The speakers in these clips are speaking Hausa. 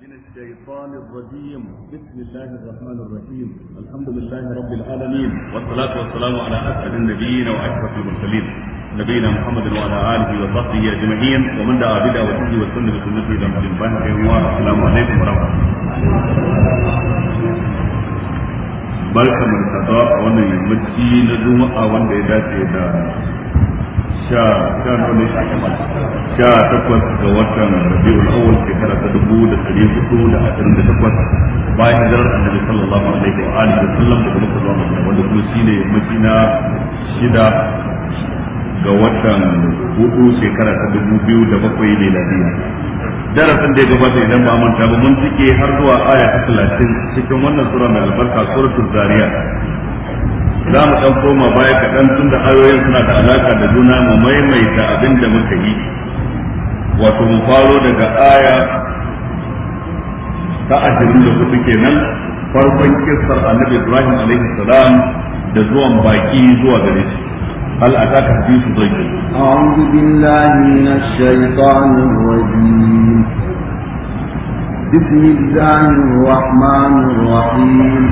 من الشيطان الرجيم بسم الله الرحمن الرحيم الحمد لله رب العالمين والصلاة والسلام على أسعد النبيين وأشرف المرسلين نبينا محمد وعلى آله وصحبه أجمعين ومن دعا وسنه وسنه بسنته إلى مدين بحر السلام عليكم ورحمة الله barka mai a wannan yammaci na juma'a wanda ya dace sha sha nole takwas ga watan rabiul awwal shekara ta dubu da ɗari hudu da ashirin da takwas bayan hijirar annabi sallallahu alaihi wa alihi wa sallam daga muka zuwa madina wanda kuma shine yammaci na shida ga watan hudu shekara ta dubu biyu da bakwai miladiya darasin da ya gabata idan ba manta ba mun cike har zuwa aya ta talatin cikin wannan sura mai albarka suratul zariyat za mu ɗan koma baya kaɗan tun da ayoyin suna da alaƙa da juna mu maimaita abin da muka yi wato mu faro daga aya ta ashirin da hudu kenan farkon kissar annabi ibrahim alaihi salam da zuwan baki zuwa gare shi هل أتاك حديث ضيف أعوذ بالله من الشيطان الرجيم بسم الله الرحمن الرحيم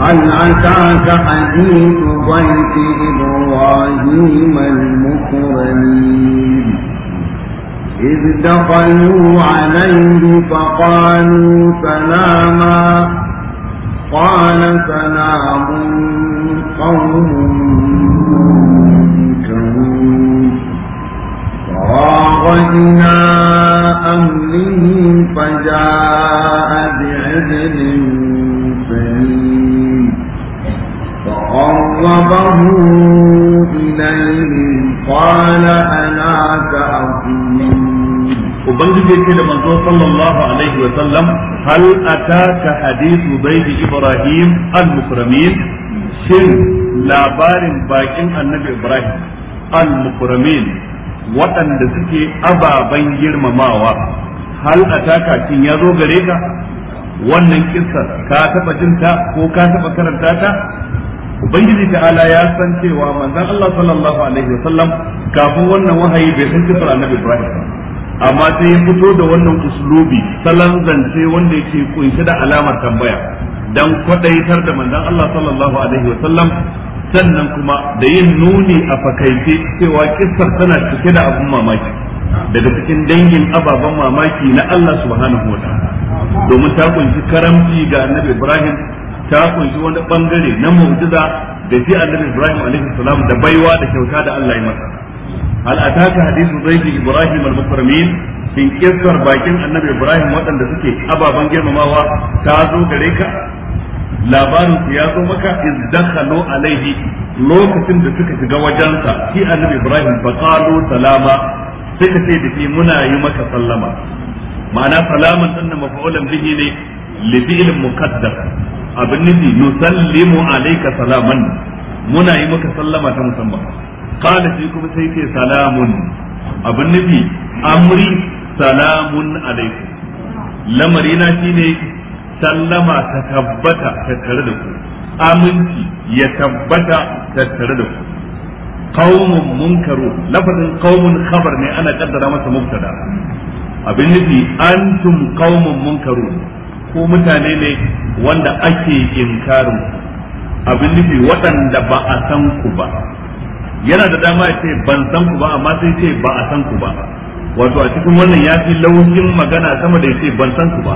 هل أتاك حديث ضيف إبراهيم المكرمين إذ دخلوا عليه فقالوا سلاما قال سلام قوم منكرون فراغ إلى أمره فجاء بعجل سليم فقربه إليهم قال أنا تأكلون Ubangiji ce da manzo sallallahu alaihi wa sallam hal ataka hadithu baiti Ibrahim al-mukramin shin labarin bakin annabi Ibrahim al-mukramin waɗanda suke ababen girmamawa hal ataka shin ya zo gare ka wannan kissa ka taba jinta ko ka taba karanta ta ubangiji ta'ala ya san cewa manzon Allah sallallahu alaihi wasallam kafin wannan wahayi bai san kisar annabi Ibrahim amma sai ya fito da wannan uslubi salon zance wanda yake kunshe da alamar tambaya dan kwadaitar da manzon Allah sallallahu alaihi wasallam sannan kuma da yin nuni a fakaice cewa kissar tana cike da abun mamaki daga cikin dangin ababen mamaki na Allah subhanahu wa ta'ala domin ta kunshi karamci ga annabi Ibrahim ta kunshi wani bangare na mu'jiza da ji annabi Ibrahim alaihi salam da baiwa da kyauta da Allah ya masa hal ataka hadithu zaidi Ibrahim al-mukarramin shin bakin annabi Ibrahim waɗanda suke ababan girmamawa ta zo gare ka labarin su ya zo maka iz dakhalu alaihi lokacin da suka shiga wajensa shi annabi Ibrahim fa salama sai ce da shi muna yi maka sallama ma'ana salaman dinnan mafa'ulan bihi ne li fi'lin muqaddas abin nufi nusallimu alayka salaman muna yi maka sallama ta musamman qala shi kuma sai ce salamun abin nufi amri salamun alaykum lamari na shine sallama ta tabbata ta tare da ku aminci ya tabbata ta tare da ku qaumun munkaru lafazin qaumun khabar ne ana kaddara masa mubtada abin nufi antum qaumun munkarun ko mutane ne wanda ake inkarin abin nufi waɗanda ba a san ku ba yana da dama ya ce ban san ku ba amma sai ce ba a san ku ba wato a cikin wannan ya fi laushin magana sama da ya ce ban san ku ba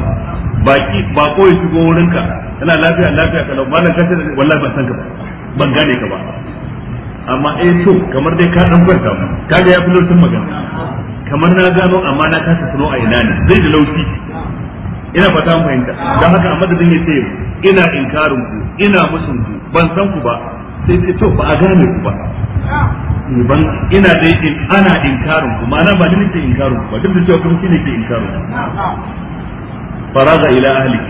baki ba ko ya shigo wurinka yana lafiya lafiya ka lau malam kace wallahi ban san ka ba ban gane ka ba amma eh to kamar dai ka dan kwanta ga ya fi laushin magana kamar na gano amma na kasa tuno a ina ne zai da laushi ina fata mu fahimta dan haka a madadin ya ce ina inkarin ku ina musun ku ban san ku ba sai ce to ba a gane ku ba ban ina dai in ana inkarin ku ma'ana ba ni nake inkarin ku ba duk da cewa kuma shine ke inkarin ku faraza ila ahli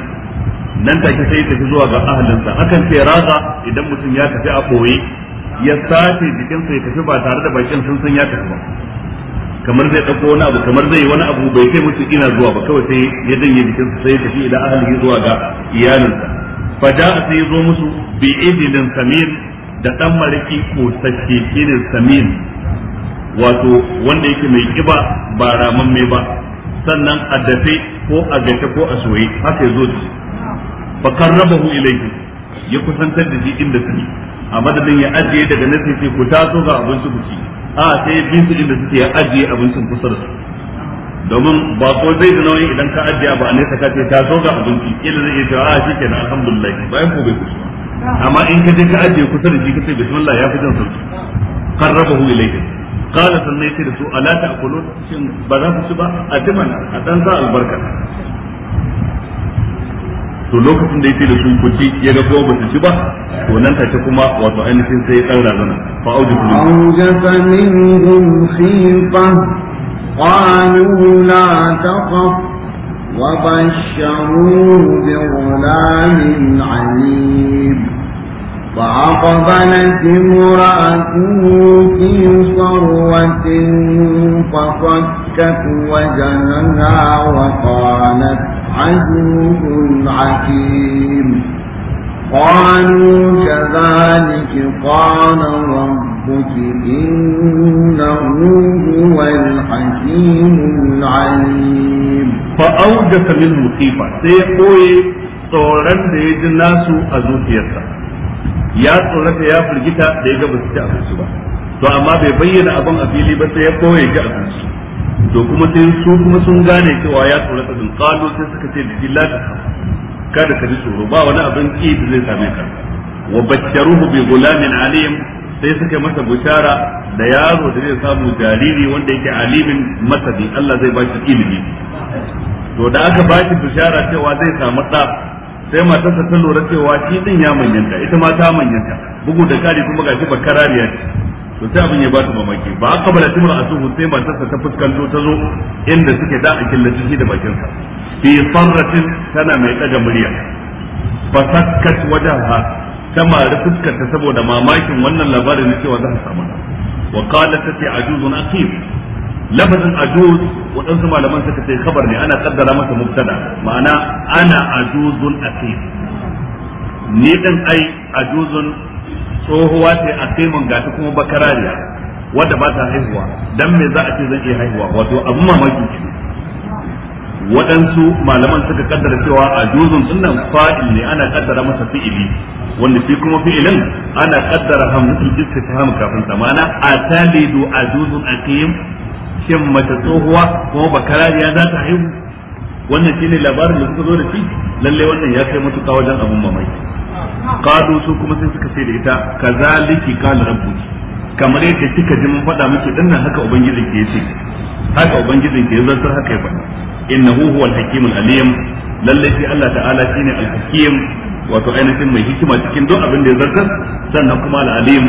nan take sai ta zuwa ga sa akan ce raga idan mutum ya tafi a boye ya sace jikinsa ya tafi ba tare da bakin sun san ya tafi ba kamar zai ɗauko wani abu kamar zai wani abu bai kai musu ina zuwa ba kawai sai ya bikin su sai tafi ila ahli zuwa ga iyalinsa fa da sai zo musu bi idin samir da dan mariki sace shine samir wato wanda yake mai kiba ba raman mai ba sannan a dafe ko a gace ko a soye haka ya zo da shi fa karrabahu ilayhi ya kusantar da shi inda su a madadin ya ajiye daga nasi sai ku taso ga abinci ku ci a sai bi su inda suke ajiye abincin kusa da su domin ba ko zai da nauyi idan ka ajiya ba ne ka ce ta zo ga abinci kila zai iya cewa a ah, shikenan alhamdulillah bayan ko bai kusa amma in ka je ka ajiye kusa da shi ce bismillah ya fi jan jin sauki qarrabahu ilayhi qala sannan yace da su ala ta'kulun shin ba za ku ci ba a dimana a dan sa albarka to lokacin da yake da sun kuci ya ga kuma basu ci ba to nan ta kuma wato ainihin sai dan razana fa aujasa minhum khifa qalu la taqaf wa basharu bi ghulamin alim فعقبلت امرأته في صروة فصكت وجهها وقالت عزيز حكيم قالوا كذلك قال ربك إنه هو الحكيم العليم فأوجس من مصيبة سيقوي tsoron da ya ji nasu a zuciyarsa ya tsorata ya firgita da ya ga basu ci abinci ba to amma bai bayyana abin a fili ba sai ya koya ji abinci to kuma sai su kuma sun gane cewa ya ta dun kano sai suka ce bi la ta kada ka ji tsoro ba wani abin ki da zai same ka wa bashsharuhu bi gulamin alim sai suka masa bushara da yaro da zai samu jariri wanda yake alimin masabi Allah zai ba ilimi to da aka baki shi bushara cewa zai samu da sai matarsa ta lura cewa shi din ya manyanta ita ma ta manyanta bugu da kari kuma gashi bakarariya ce to sai abin ya ba ta mamaki ba aka bala timar asuhu sai matarsa ta fuskanto ta zo inda suke da a killace shi da bakinsa fi sarratin tana mai ɗaga murya fa sakkat wajaha ta mari fuskanta saboda mamakin wannan labarin na cewa za ta samu wa qalat tati ajuzun aqim lafazin ajuz waɗansu malaman suka ce khabar ne ana kaddara masa mubtada ma'ana ana ajuzun aqim ni dan ai ajuzun tsohuwa ce a saimun gata kuma bakarariya wadda ba ta haihuwa dan me za a ce zan iya haihuwa wato abu mamaki ce waɗansu malaman suka kaddara cewa a juzun sunan fa'il ne ana kaddara masa fi'ili wanda shi kuma fi'ilin ana kaddara hamzatul istifahm kafin zamana atalidu a aqim shin mace tsohuwa kuma bakarariya za ta haihu wannan shi ne labarin da suka zo da shi lalle wannan ya kai matuƙa wajen abun mamaki qalu su kuma sai suka ce da ita kazaliki qala rabbuki kamar yadda kika ji mun faɗa miki dinnan haka ubangiji ke yace haka ubangiji ke zartar haka ya faɗa innahu huwal hakimul alim lalle shi Allah ta'ala shine al-hakim wato ainihin mai hikima cikin duk abin da ya zartar sannan kuma al-alim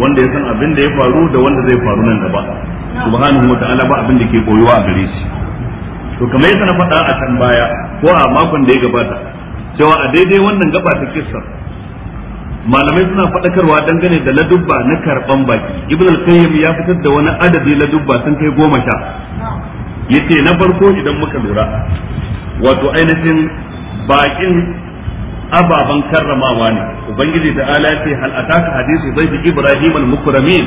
wanda ya san abin da ya faru da wanda zai faru nan gaba subhanahu wa ta'ala ba abin da ke koyuwa a gare shi to kamar yadda na faɗa a can baya ko a makon da ya gabata cewa a daidai wannan gaba ta malamai suna faɗakarwa dangane da ladubba na karɓan baki ibn al-qayyim ya fitar da wani adadi ladubba sun kai goma sha yace na farko idan muka lura wato ainihin bakin ababan karramawa ne ubangiji da ala yace hal ataka hadisi zai ibrahim al-mukramin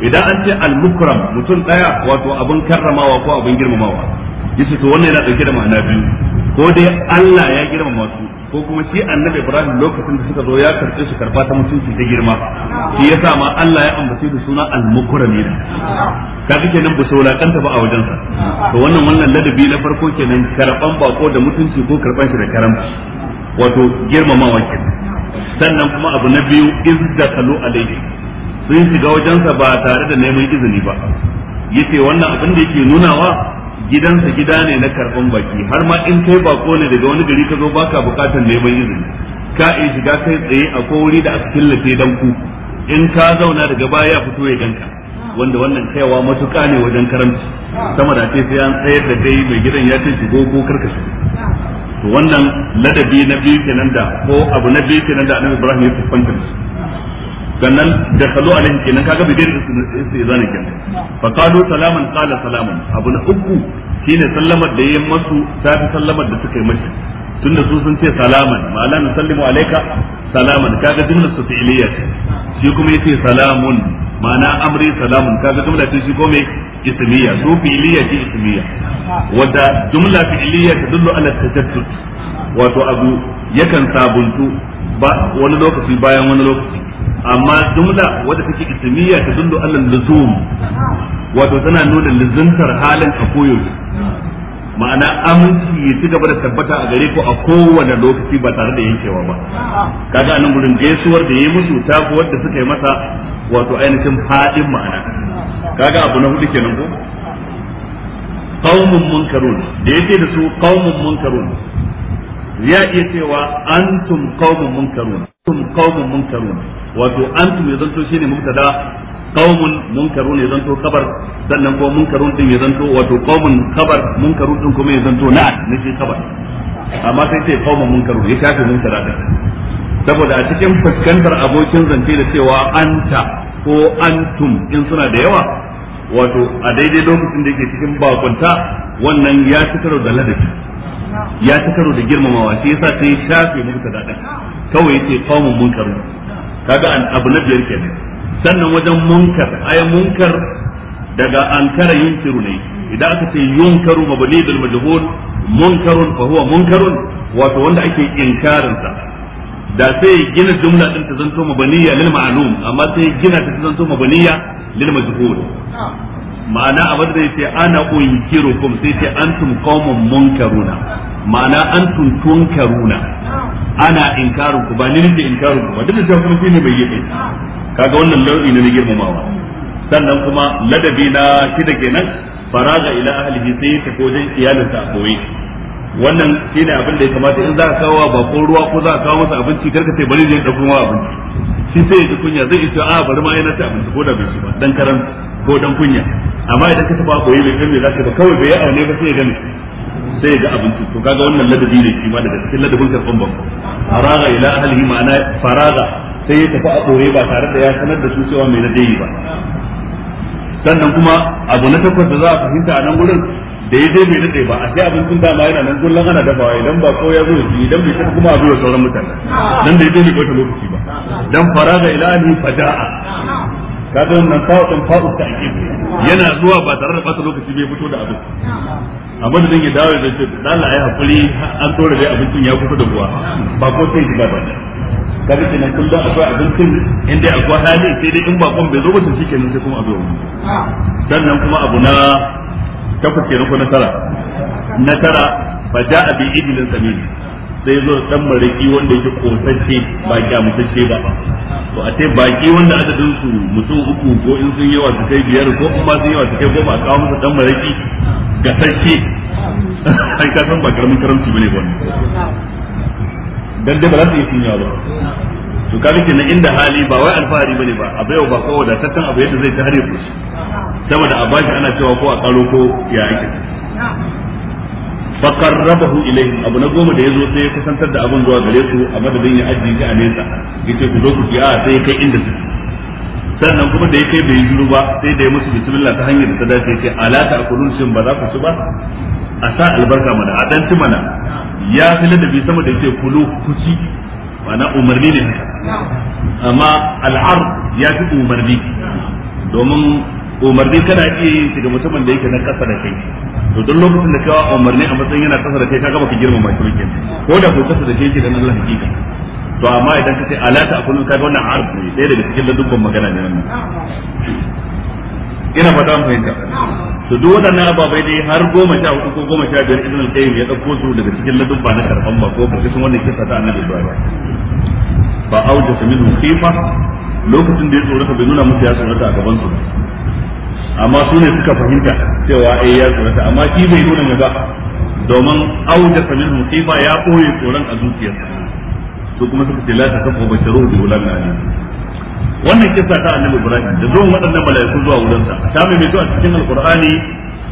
idan an ce al-mukram mutum daya wato abun karramawa ko abin girmamawa yace to wannan yana dauke da ma'ana biyu ko dai Allah ya girmama masu ko kuma shi annabi Ibrahim lokacin da suka zo ya karɓe su karɓa ta mutunci ta girma shi yasa ma Allah ya ambace da suna al-mukramin ka kike nan ba kanta ba a wajen sa to wannan wannan ladabi na farko kenan karɓan bako da mutunci ko karɓan shi da karamci wato girmamawa kenan sannan kuma abu na biyu kalu alayhi sun shiga wajen sa ba tare da neman izini ba yace wannan abin da yake nunawa gidansa gida ne na karɓan baki har ma in kai bako ne daga wani gari ka zo baka bukatar neman izini ka iya shiga kai tsaye a ko wuri da aka killace dan ku in ka zauna daga baya ya fito ya ganka wanda wannan kaiwa matuƙa ne wajen karamci sama da ce sai an tsayar da dai mai gidan ya ce shigo ko karka to wannan ladabi na biyu kenan da ko abu na biyu kenan da Annabi Ibrahim ya fuskanta sannan da salo alaihi kenan kaga bi gari istizani kenan fa qalu salaman qala salaman abu na uku shine sallamar da yayin masu ta fi sallamar da suka yi mashi tunda su sun ce salaman ma'ana na sallimu alayka salaman kaga jumla su fi'liya shi kuma yace salamun ma'ana amri salamun kaga jumla ce shi ko me ismiya su fi'liya ce ismiya wanda jumla fi fi'liya tadullu ala tajaddud wato abu yakan sabuntu ba wani lokaci bayan wani lokaci amma jumla wadda take ismiya ta dundu alal lazum wato tana nuna luzuntar halin a koyaushe ma'ana aminci ya ci gaba da tabbata a gare ku a kowane lokaci ba tare da yankewa ba kaga nan gurin gaisuwar da yayi musu ta ko wadda suka yi masa wato ainihin fadin ma'ana kaga abu na hudu kenan ko qaumun munkarun da yake da su qaumun munkarun ya iya cewa antum qaumun munkarun antum qaumun munkarun wato antum ya zanto shine mubtada qaumun munkarun ya zanto kabar sannan ko munkarun din ya zanto wato qaumun kabar munkarun din kuma ya zanto na ne shi kabar amma sai ce qaumun munkarun ya kafi munkara din saboda a cikin fuskantar abokin zance da cewa anta ko antum in suna da yawa wato a daidai lokacin da yake cikin bakunta wannan ya fitar da ladabi ya ta karo da girmamawa shi yasa sai shafe ka din kawai yace qaumun munkar kaga an abu na biyar kenan sannan wajen munkar ay munkar daga ankara yunkiru ne idan aka ce yunkaru mabni bil majhul munkarun fa huwa munkarun wato wanda ake inkarin sa da sai gina jumla din ta zanto mabaniya lil ma'lum amma sai gina ta zanto mabaniya lil majhul ma'ana abin da yake ana unkirukum sai ce antum qaumun munkaruna ma'ana antum tunkaruna ana inkarun ku ba ni nake inkarun ku ba duk da kuma shine bai yi kaga wannan nau'i ne na girmamawa sannan kuma ladabi na da kenan faraga ila ahlihi sai ta ko wajen iyalinsa a koyi wannan shine abin da ya kamata in za ka kawo bakon ruwa ko za ka kawo masa abinci karka sai bari zai dauko abinci shi sai ya ji kunya zai ce a ah, bari ma yana ta abinci ko da bai ci ba dan karanta ko dan kunya amma idan ka taba koyi bai za zaka ba kawai bai yi aune ba sai ya gani sai ga abinci to kaga wannan ladabi ne shi ma daga cikin ladabin karban ban faraga ila ahlihi ma'ana faraga sai ya tafi a kore ba tare da ya sanar da su cewa mai ladabi ba sannan kuma abu na takwas da za a fahimta a nan gurin da ya dai bai dade ba a sai abincin dama yana nan kullum ana dafawa idan ba ko ya zo shi idan bai tafi kuma a da sauran mutane dan da ya dai bai ta lokaci ba dan faraga ila ahlihi fada'a kaga wannan fa'u din fa'u ake yana zuwa ba tare da bata lokaci bai fito da abin amma da ya dawo da ce dala ai hakuri an tsora dai abincin ya kusa da ruwa ba ko sai shi ba kaga kenan kullum akwai abincin inda dai akwai hali sai dai in bakon bai zo ba shi kenan sai kuma abin sannan kuma abu na takwas kenan ko na tara na tara fa ja'a bi ijlin samini sai zo dan mariki wanda yake kosacce ba kyamutacce ba to a ce baki wanda adadin su mutum uku ko in sun yawa su kai biyar ko in ba sun yawa su kai goma a kawo musu dan ga sarki ai ka san ba karamin karamci bane ba dan da ba za su yi sunya ba to ka rike na inda hali ba wai alfahari bane ba a baiwa ba ko wadataccen abu yadda zai tare ku saboda a bashi ana cewa ko a karo ko ya ake fa qarrabahu ilayhim abu na goma da yazo sai ya kusantar da abun zuwa gare su a madadin ya ajiye shi a nesa yace ku zo ku ji a sai kai inda su sannan kuma da ya kai bai yi ba sai da ya musu bismillah ta hanyar da ta dace ce ala ta akulun shin ba za ku ci ba a sa albarka mana a dan mana ya fi ladabi sama da yake kulu ku ci ma'ana umarni ne haka amma al'ar ya fi umarni domin umarni kana iya yin shi ga mutumin da yake na kasa da kai to duk lokacin da kawo umarni a matsayin yana kasa da kai kaga baka girmama shi wakin ko da ko kasa da kai dan Allah hakika to amma idan ka ce ala ta akunu kaga wannan arz ne sai daga cikin dukkan magana ne wannan ina fata mun fahimta to duk waɗannan ababai dai har goma sha hudu ko goma sha biyar idan kai ya dauko su daga cikin ladubba na karban ba ko kuma wannan kisa ta annabi Ibrahim fa auja minhu khifa lokacin da ya tsorata bai nuna musu ya tsorata a gaban su amma su ne suka fahimta cewa ai eh, ya tsorata amma shi bai nuna ga ba domin da samin musifa ya ɓoye tsoron a zuciyarsa su kuma suka ce kafa ba kafa da wulan na alim wannan kisa ta annabi ibrahim da zuwan waɗannan mala'iku zuwa wurinsa ta mai mai a cikin alkur'ani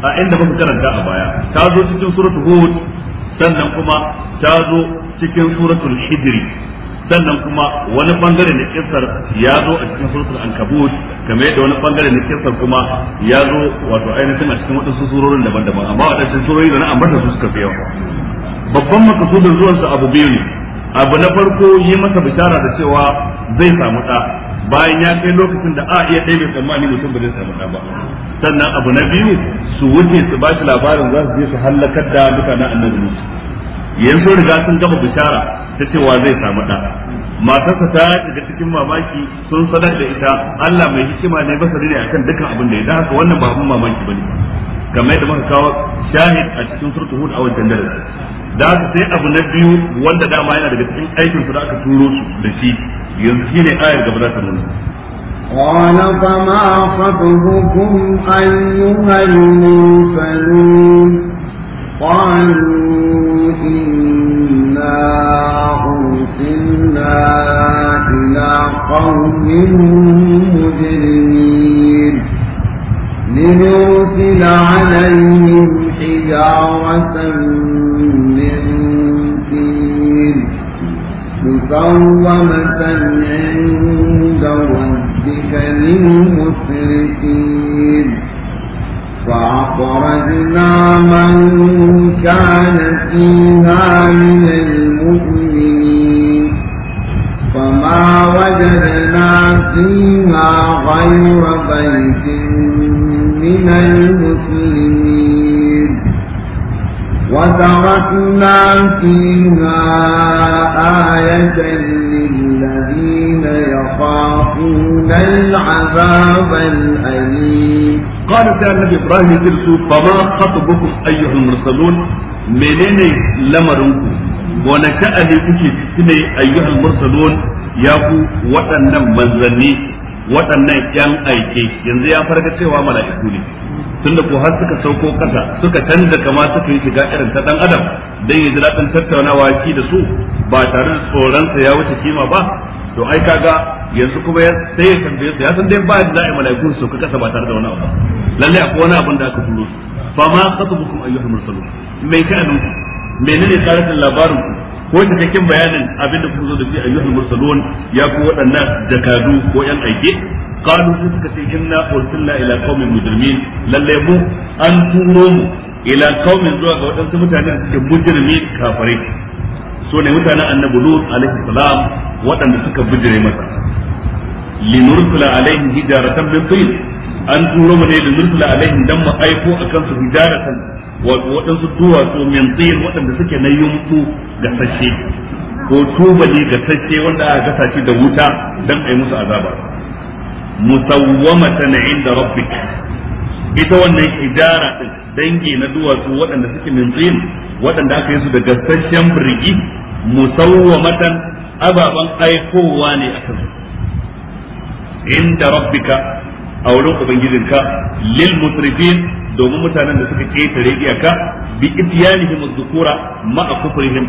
a inda muka karanta a baya ta zo cikin suratul hud sannan kuma ta zo cikin suratul hijri sannan kuma wani bangare na kissar ya zo a cikin suratul ankabut kamar da wani bangare na kissar kuma ya zo wato ainihin a cikin wadansu surorin daban-daban amma wadansu surori da na ambata su suka fi yawa babban makasudin su abu biyu ne abu na farko yi masa bishara da cewa zai samu ɗa bayan ya kai lokacin da a iya ɗaya bai tsammani mutum ba zai samu ɗa ba sannan abu na biyu su wuce su ba shi labarin za su je su hallakar da mutanen annabi musu yanzu riga sun gama bishara ta wa zai samu ɗa matarsa ta daga cikin mamaki sun sanar da ita Allah mai hikima ne basari ne akan dukkan abin da ya da haka wannan ba abin mamaki bane kamar yadda muka kawo shahid a cikin surtu hud a wancan darasi da haka sai abu na biyu wanda dama yana daga cikin aikin su da aka turo su da shi yanzu shine ayar gaba za ta nuna قال فما خطبكم أيها المرسلون قالوا إن أرسلنا إلى قوم مجرمين لنرسل عليهم حجارة من طين مسومة عند ربك للمسرفين فأخرجنا من كان فيها من المؤمنين فما وجدنا فيها غير بيت من المسلمين وتركنا فيها آية للذين يخافون العذاب الأليم قال تعالى النبي إبراهيم يرسل فما خطبكم أيها المرسلون menene lamarinku wani sha'ani kuke ciki ne ayyuhal mursalun ya ku waɗannan manzanni waɗannan yan aike yanzu ya farka cewa ne tunda ko har suka sauko kasa suka canza kama suka yi shiga irin ta dan adam dan ya ji daɗin tattaunawa shi da su ba tare da tsoron sa ya wuce kima ba to ai kaga yanzu kuma sai ya tambaye su ya san dai ba da za'i malaiku su ka kasa ba tare da wani abu lalle akwai wani abin da aka turo su fa ma khatabukum ayyuhal mursalun me ka anun menene tsarin labarin ku ko cikakken bayanin abinda kuka zo da shi ayyuhal mursalun ya ku waɗannan jakadu ko yan aike qalu sai suka ce inna ursilna ila qaumin mujrimin lalle mu an turo mu ila qaumin zuwa ga waɗansu mutanen da suke mujrimi kafare. so ne mutanen annabi lut alaihi salam waɗanda suka bijire masa linursila alaihim hijaratan min tin an turo mu ne linursila alaihim dan mu aiko akan su hijaratan wato waɗansu duwatsu min tsayin waɗanda suke na yunfu ga sashe ko tubali ga sashe wanda aka gasa shi da wuta dan a yi musu azaba musawwamatan inda rabbik ita wannan idara ɗin dangi na duwatsu waɗanda suke min tsayin waɗanda aka yi su da sashen birgi musawwamatan ababan aikowa ne a kansu inda rabbika a wurin ubangijinka lil musrifin domin mutanen da suka ketare iyaka bi ityanihim az-zukura ma kufrihim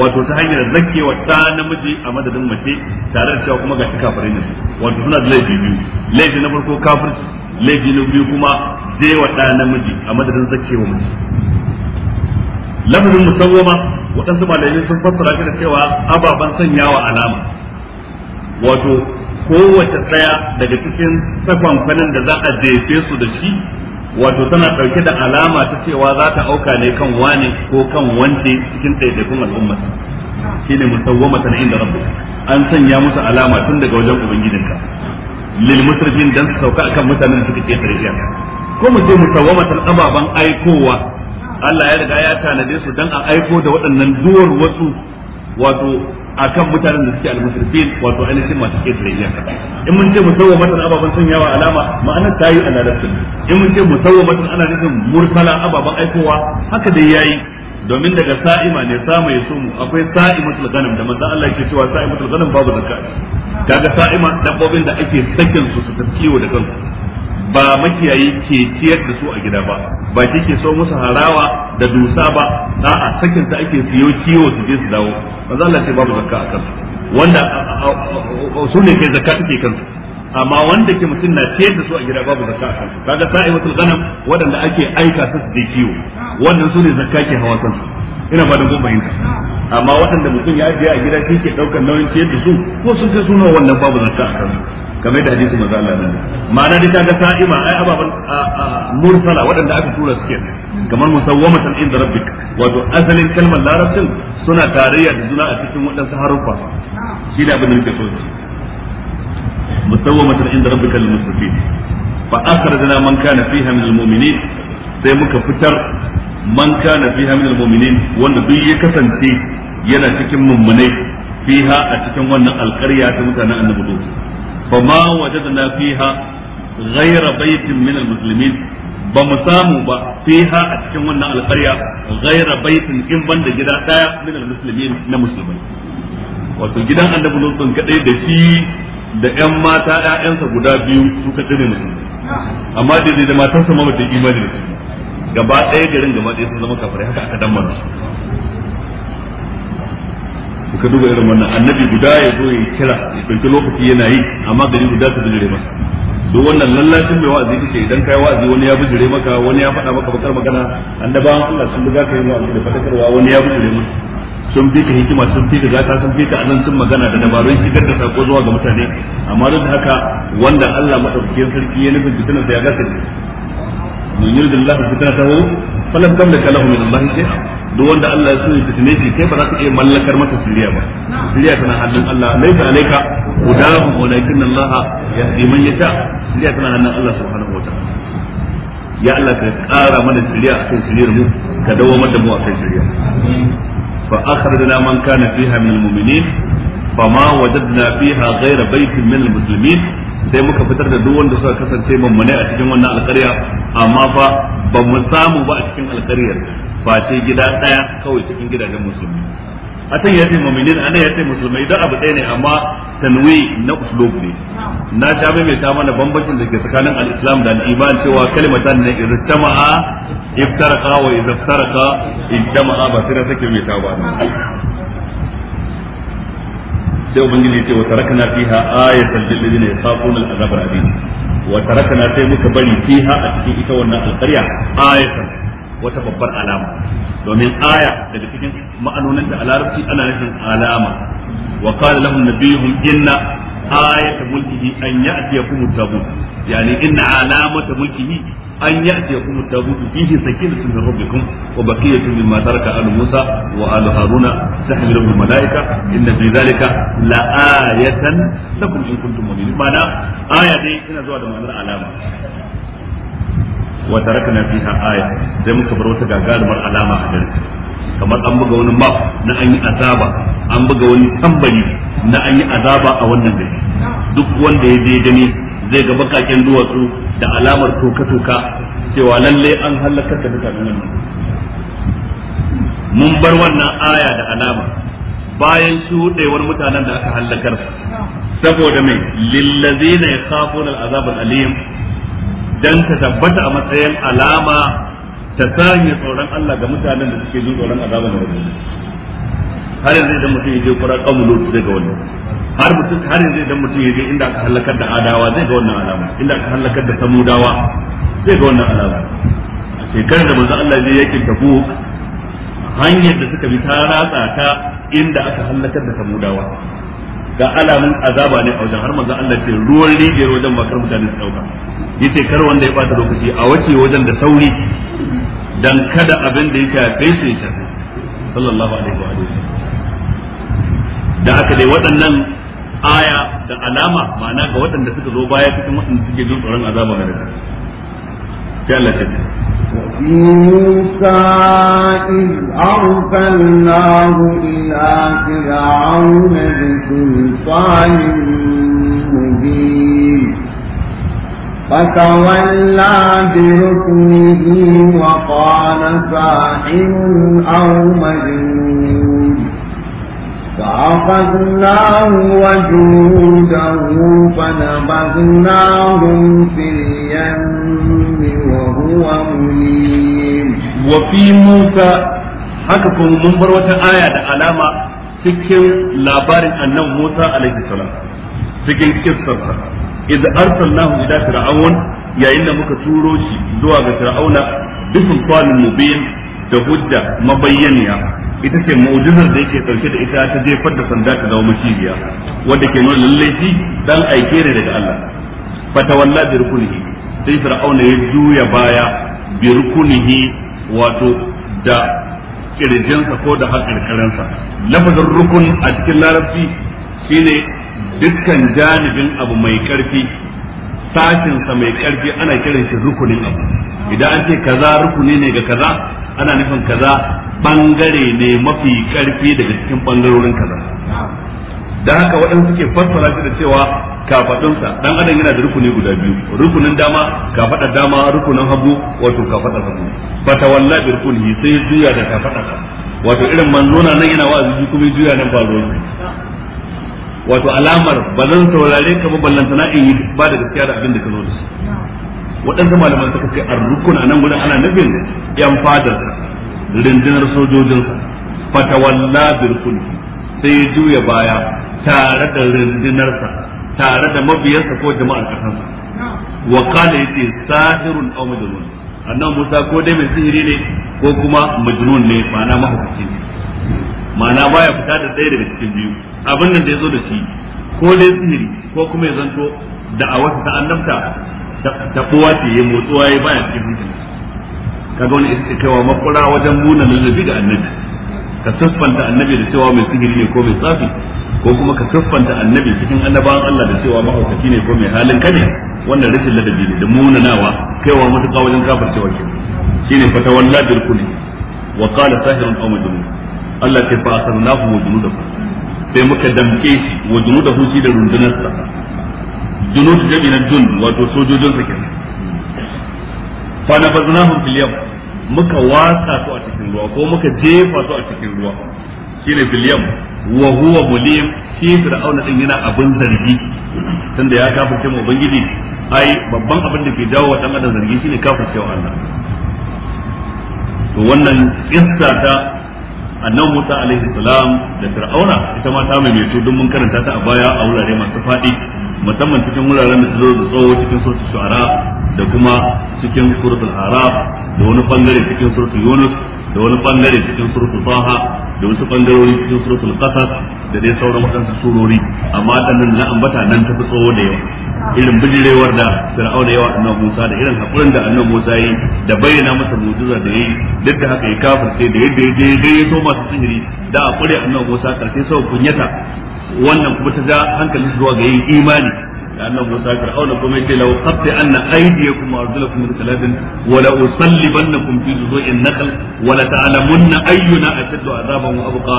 wato ta hanyar wa ta namiji a madadin mace tare da cewa kuma ga shi kafirai ne wato suna da laifi biyu laifi na farko kafirci laifi na biyu kuma wa ta namiji a madadin wa mace lafazin musawwama waɗansu malamai sun fassara shi da cewa ababen sanyawa alama wato kowace tsaya daga cikin sakon da za a jefe su da shi wato tana ɗauke da alama ta cewa za ta auka ne kan wani ko kan wance cikin ɗaiɗaikun al'umma shine musawwamatan inda rabbi an sanya musu alama tun daga wajen ubangijinka lil musrifin dan su sauka akan mutanen da suka ke tarihiya ko mu je musawwamatan ababan aikowa Allah ya riga ya tanade su dan a aiko da waɗannan duwar wasu wato akan mutanen da suke al-musrifin wato ainihin masu ke tsayayya in mun ce musawwa matan ababan sanyawa alama ma'anar ta yi alalafin in mun ce musawwa matan ana nufin murtala ababan aikowa haka dai yayi domin daga sa'ima ne samu ya sumu akwai sa'ima ganam da manzo Allah yake cewa sa'ima ganam babu zakka kaga sa'ima dabbobin da ake sakin su su tafkiwo da kansu ba makiyayi ke ciyar da su a gida ba ba ke ke so musu harawa da dusa ba a'a sakin ta ake siyo ciwo su je su dawo manzo Allah ce babu zakka akan wanda su ne kai zakka take kansu amma wanda ke mutum na ciyar da su a gida babu zakka akan su kaga sa'imatul ghanam waɗanda ake aika su su je ciwo wannan su ne zakka ke hawa kansu ina ba da gobayin yin amma waɗanda mutum ya ajiye a gida shi ke ɗaukar nauyin ciyar da su ko sun kai suna wannan babu zakka akan su kamar da hadisi manzo Allah nan ma'ana dai kaga sa'ima ai ababan mursala waɗanda aka tura su kenan kamar musawwamatan inda rabbik wato asalin kalmar larabcin suna tarayya da juna a cikin waɗansu haruffa shi da abin da nake so shi musawwamatan inda rabbikal musrifin fa akhrajna man kana fiha min almu'minin sai muka fitar man kana fiha min almu'minin wanda duk ya kasance yana cikin mummunai fiha a cikin wannan alƙarya ta mutanen annabi فما وجدنا فيها غير بيت من المسلمين بمسامو با فيها أتكن ونا القرية غير بيت إن بند جدا من المسلمين من المسلمين wato gidan annabi lutsun kadai da shi da ƴan mata ƴaƴansa guda biyu su ka tsine musu amma da zai da matarsa ma bata imani da su gaba ɗaya garin gaba ɗaya sun zama kafirai haka aka dan su ka duba irin wannan annabi guda ya zo ya kira ya ɗauki lokaci yana yi amma gari guda ta bijire masa duk wannan lallacin mai wa'azi kike idan kai wa'azi wani ya bijire maka wani ya faɗa maka bakar magana annabawan Allah sun buga kai wa'azi da fadakarwa wani ya bijire masa sun fi ka hikima sun fi ka gata sun fi ka sun magana da dabarun shigar da sako zuwa ga mutane amma duk da haka wanda Allah madaukakin sarki ya nufin fitinar da ya gasa ne mun yurdillahu fitnatahu falam da lahu min Allah shay'a duk wanda Allah ya so ya fitine shi kai ba za ka iya mallakar masa shiriya ba shiriya tana hannun Allah laika alayka hudahu walakin Allah yahdi man yasha shiriya tana hannun Allah subhanahu wa ya Allah ka ƙara mana shiriya akan shiriyar mu ka dawo mata mu akan shiriya fa akhrajna man kana fiha min almu'minin fama wajadna fiha ghayra baitin min almuslimin sai muka fitar da duk wanda suka kasance mummune a cikin wannan alƙarya amma fa ba mu samu ba a cikin alƙaryar face gida daya kawai cikin gidajen musulmi a can ya ce a nan ya ce musulmai don abu ɗaya ne amma tanwi na uslub ne na sha mai ta mana bambancin da ke tsakanin al-islam da al-iman cewa kalimatan ne irtama'a iftaraka wa izaftarqa ijtama'a ba sai na sake mai ta ba sai ubangiji ce wa tarakna fiha ayatan lil ne yaqafuna al-azab al-adim wa tarakna sai muka bari fiha a cikin ita wannan alƙarya ayatan wata babbar alama domin aya daga cikin ma'anonin da larabci ana nufin alama wa qala lahum nabiyuhum inna ayata mulkihi an ya'tiyakum at-tabut yani inna alamata mulkihi an ya'tiyakum at-tabut fihi sakinatun min rabbikum wa baqiyatun mimma taraka alu musa wa alu haruna tahmiluhu al-malaika inna fi dhalika la ayatan lakum in kuntum mu'minin ma'ana aya dai tana zuwa da ma'anar alama wa tarakna fiha aya sai muka bar wata gagarumar alama a gare kamar an buga wani map na an yi azaba an buga wani tambari na an yi azaba a wannan gari duk wanda ya je gani zai ga bakaken duwatsu da alamar toka-toka cewa lalle an halakar da mutanen wannan mun bar wannan aya da alama bayan shuɗewar mutanen da aka hallakar saboda mai lillazina yakhafuna azabar al'alim dan ta tabbata a matsayin alama ta sanya tsoron Allah ga mutanen da suke jin tsoron azaban da rabu har yanzu idan mutum ya kura kura kamulu zai ga wannan har mutum har yanzu idan mutum ya inda aka halakar da adawa zai ga wannan alama inda aka halakar da samudawa zai ga wannan alama a shekarar da manzo Allah ya yake tabu hanyar da suka bi ta ratsa ta inda aka halakar da samudawa ga alamun azaba ne a wajen har manzo Allah ce ruwan rijiyar wajen ba kar mutane su dauka yace kar wanda ya bata lokaci a wace wajen da sauri dan kada abin da yake bai sai shi sallallahu alaihi wa alihi da aka dai waɗannan aya da alama ma'ana ga waɗanda suka zo baya cikin waɗanda suke jin tsoron azaba ne sai Allah ya موسى إذ أرسلناه إلى فرعون بسلطان مبين فتولى بركنه وقال ساحر أو مجنون فأخذناه وجوده فنبذناهم في اليم وهو مليم وفي موسى haka kuma mun bar wata aya da alama cikin labarin annabi Musa alaihi salam cikin kissarsa iz arsalnahu ila fir'aun yayin da muka turo shi zuwa ga fir'auna bi mu mubin da hujja mabayyaniya ita ce mu'jizar da yake dauke da ita ta jefar da sanda ta zama cibiya wanda ke nuna lalle shi dan aike ne daga Allah fatawalla bi rukunihi sai fir'auna ya juya baya bi rukunihi wato da kirjinsa ko da hakarkarinsa lafazin rukun a cikin larabci shine dukkan janibin abu mai karfi sashinsa mai karfi ana kiran shi rukunin abu idan an ce kaza rukuni ne ga kaza ana nufin kaza bangare ne mafi karfi daga cikin bangarorin kaza da haka waɗansu suke fassara shi da cewa kafadunsa dan adam yana da rukuni guda biyu rukunin dama kafadar dama rukunin hagu wato kafadar hagu fata walla bi rukuni sai juya da kafadarsa wato irin manzo nan yana wa'azi kuma juya nan ba ruwan wato alamar ba zan saurare ka ba na in yi ba da gaskiya da abin da ka zo da shi waɗansu malaman suka ce ar-rukun anan gudan ana nufin yan fadarsa rindinar sojojinsa fatawalla bi sai ya juya baya tare da rundunarsa tare da mabiyarsa ko jama'ar kasansa wa qala yace sahirun aw majnun annabi Musa ko dai mai sihiri ne ko kuma majnun ne ma'ana mahaukaci ne ma'ana baya fita da tsaye daga cikin biyu abin nan da yazo zo da shi ko dai sihiri ko kuma ya zanto da a wata ta'annabta ta kowa ce ya motsuwa ya baya cikin hankali kaga wani ita kaiwa makura wajen munanan nabi da annabi ka siffanta annabi da cewa mai sihiri ne ko mai tsafi ko kuma ka siffanta annabi cikin annabawan Allah da cewa mahaukaci ne ko mai halin kane wannan rashin ladabi ne da munanawa kaiwa matuƙa wajen cewa ke shine fata wallahi bil kulli wa qala sahirun aw majnun Allah ke fa akhadnahu wa junudahu sai muka damke shi wa junudahu shi da rundunarsa junud jami'an jun wato sojojin sa kenan fa nabaznahum fil yawm muka watsa su a cikin ruwa ko muka jefa su a cikin ruwa shine filiyam wa huwa mulim shi fir'auna din yana abin zargi tunda ya kafirce ma ubangiji ai babban abin da ke dawo wa dan adam zargi shine kafirce wa Allah to wannan kissa ta annabi Musa alaihi salam da fir'auna ita ma ta maimaito don mun karanta ta a baya a wurare masu fadi musamman cikin wuraren da su zo da tsawo cikin sosai shara. da kuma cikin suratul araf da wani bangare cikin suratul yunus da wani bangare cikin suratul taha da wasu bangarori cikin suratul qasas da dai sauran wadansu surori amma dannan na ambata nan tafi tsawo da yawa irin bijirewar da fir'auna yawa annabi Musa da irin hakurin da annabi Musa yi da bayyana masa mu'jiza da yayi duk da haka ya kafirce da yadda ya je gayyato masu sihiri da a kure annabi Musa karshe sau kunyata wannan kuma ta ja hankalin zuwa ga yin imani da annabi Musa fir'auna kuma yace law qatta anna aydiyakum wa arjulakum min khilafin wa la usallibannakum fi juzu'in nakhl wa la ta'lamunna ayyuna ashaddu azaban wa abqa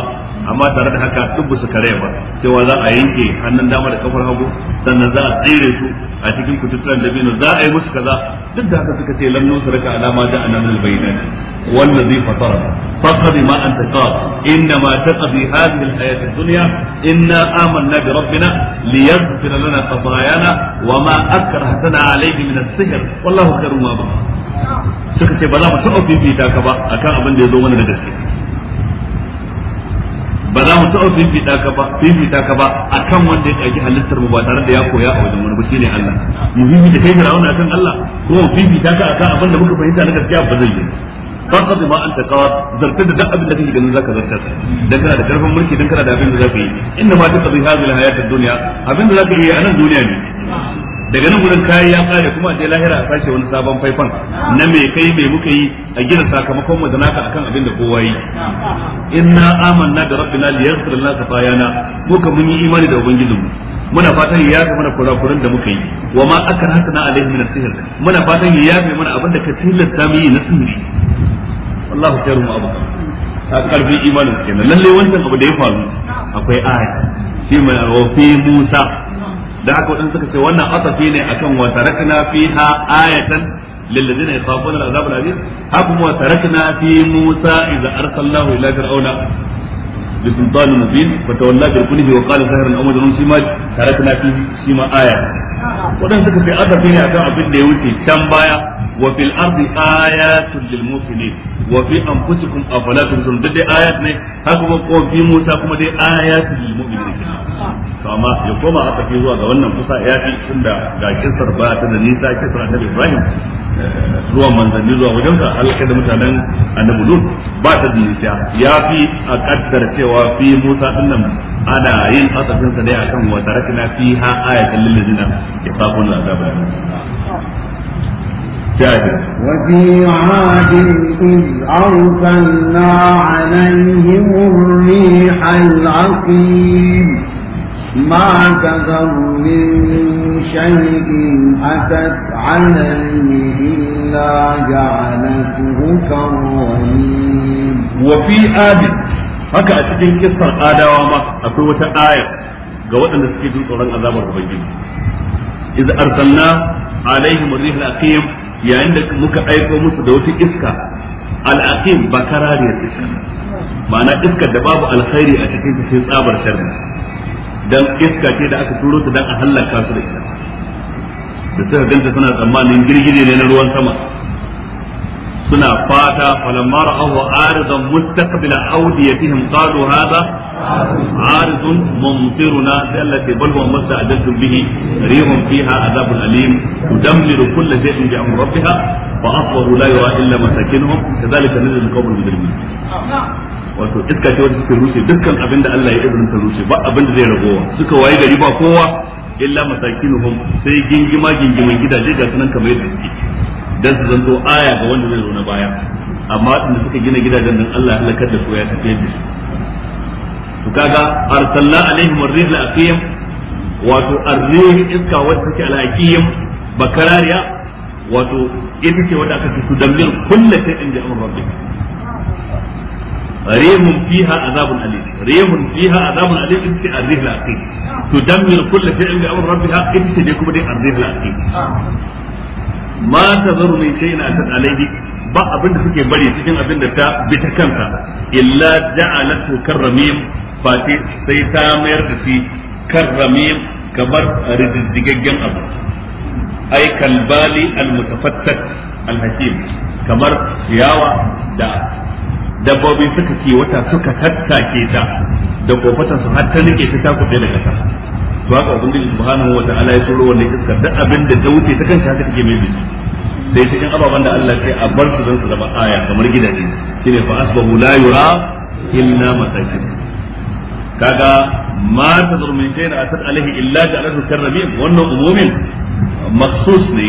amma tare da haka duk su kare ba cewa za a yanke hannun dama da kafar hagu sannan za a tsire su a cikin kututturan dabino za a yi musu kaza duk da haka suka ce lan nusraka alama da ananul bayyinat والذي فطرنا فقد ما أنت قاض إنما تقضي هذه الحياة الدنيا إنا آمنا بربنا ليغفر لنا خطايانا bayana wa ma akrahtana alayhi min as-sihr wallahu khairun suka ce ba za mu taɓa fifita ka ba akan abin da ya zo mana da gaske ba za mu taɓa fifita ka ba fifita ka ba akan wanda ya kage halittar mu ba tare da ya koya a wajen wani ba shine Allah mu fifita kai Fir'auna akan Allah ko mu fifita ka akan abin da muka fahimta na gaskiya ba zai yi farka ma anta qad zarta da duk abin da kake ganin zaka zartar dan kana da karfin mulki dan kana da abin da zaka yi inna ma taqdi hadhihi alhayat ad-dunya abin da zaka yi a nan duniya ne daga nan gurin kayi ya kare kuma dai lahira a sake wani sabon faifan na me kai me muka yi a gina sakamakon mu da naka akan abin da kowa yi inna amanna da rabbina liyaghfir lana khatayana muka mun yi imani da ubangijinmu muna fatan ya yafe mana kurakuran da muka yi wa ma hasana alaihi min as-sihr muna fatan ya yafe mana abin da ka tilasta mu yi na sihiri والله خير ما ابقى اقل في ايمان كده لا لي وانت ابو ده يفعل اكو ايه في ما في موسى da aka wadanda suka ce wannan asafi ne akan wa tarakna fiha ayatan lilladheena yakhafuna al-azab al-azim hakum wa tarakna fi Musa idza arsalnahu ila fir'auna bi sultan mubin fa tawalla bi kullihi wa qala zahiran aw majnun shima tarakna fi shima aya wadanda suka ce asafi ne akan abin da ya wuce can baya wa fil ardi ayatun lil mu'minin wa fi anfusikum afala tubsirun duk dai ayat haka kuma ko fi Musa kuma dai ayatun lil mu'minin to amma ya koma aka fi zuwa wannan kusa ya fi tunda ga kisar ba da nisa kisar annabi Ibrahim eh, zuwa manzanni zuwa wajen sa alƙa mutanen annabi Lut ba ta da nisa ya fi a cewa Musa ana yin asafin ne akan wa tarakna fiha ayatan شاهد وفي عاد إذ أرسلنا عليهم الريح العقيم ما تذر من شيء أتت عليه إلا جعلته كالرميم وفي آد haka a cikin kissar adawa ma akwai wata aya ga waɗanda suke jin tsoron azabar ubangiji iz arsalna alaihim rihla aqim yayin da muka aiko musu da wata iska al'aqim ba karariyar iska ma'ana iskar da babu alkhairi a cikin ta sai tsabar sharri dan iska ce da aka turo ta dan a hallaka su da ita da sai ganta suna tsammanin girgije ne na ruwan sama suna fata falamma ra'ahu arizan mustaqbila awdiyatihim qalu hadha arizun mumtiruna allati bal huwa musta'dadun bihi rihum fiha adabun alim tudammiru kull shay'in bi amri rabbiha fa asbaru la yura illa masakinuhum kadhalika nazil qawmul mujrimin wato iska ce wanda suka rushe dukkan abin da Allah ya izinin ta rushe ba abin da zai ragowa suka waye gari ba kowa illa masakinuhum sai gingima gingiman gidaje ga sunan kamar yadda suke dan su zanto aya ga wanda zai zo na baya amma waɗanda suka gina gidajen nan Allah ya halakar da su ya tafi da su to kaga arsalna alaihim ar-rih al-aqim wato ar iska wadda take al-aqim bakarariya wato ita ce wadda aka ce su damlir kullu shay'in bi amri rabbik rihun fiha azabun alim rihun fiha azabun alim ita ce ar-rih al-aqim tudammir kullu shay'in bi amri rabbiha ita ce kuma dai ar-rih ma tazaru min na atat ba abin da suke bari cikin abin da ta bi ta kanta illa ja'alatu karramim fa sai ta mayar da shi karramim kamar rididdigaggen abu ay kalbali almutafattat alhakim kamar ciyawa da dabbobi suka ce wata suka tattake ta da kofatan su har ta nike ta takuɗe da kasa to haka ubangiji subhanahu ta'ala ya turo wannan iska duk abin da ta wuce ta kanta haka take mai bisi sai cikin ababan da Allah sai a bar su don su zama aya kamar gidaje shine fa asbahu la yura illa masajid kaga ma tazur min shay'in atat alaihi illa da ja'alahu karramin wannan umumin maksus ne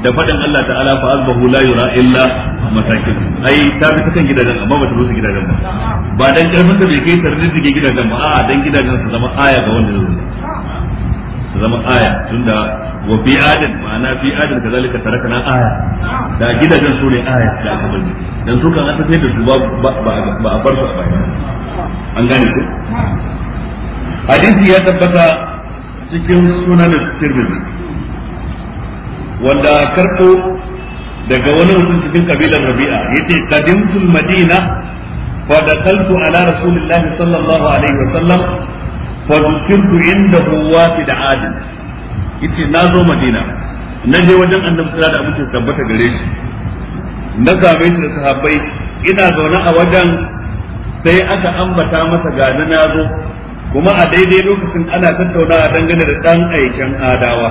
da fadin Allah ta'ala fa asbahu la yura illa masakin ai ta fi kan gidajen amma ba ta zo gidajen ba ba dan karfin da bai kai tarjiji gidajen ba a dan gidajen su zama aya ga wanda zai su zama aya tunda wa fi adad ma'ana fi adad kazalika kana aya da gidajen su ne aya da aka bari dan su kan aka sai da su ba ba a bar su a baya an gane ku hadisi ya tabbata cikin sunan tirmidhi wanda karko daga wani mutum cikin kabilar rabi'a yace qadimtul madina fa dakaltu ala rasulillahi sallallahu alaihi wasallam fa dukirtu indahu wafid adin yace na zo madina na je wajen annabi sallallahu alaihi wasallam tabbata gare shi na same shi da sahabbai ina zaune a wajen sai aka ambata masa ga na zo kuma a daidai lokacin ana tattaunawa dangane da dan aikin adawa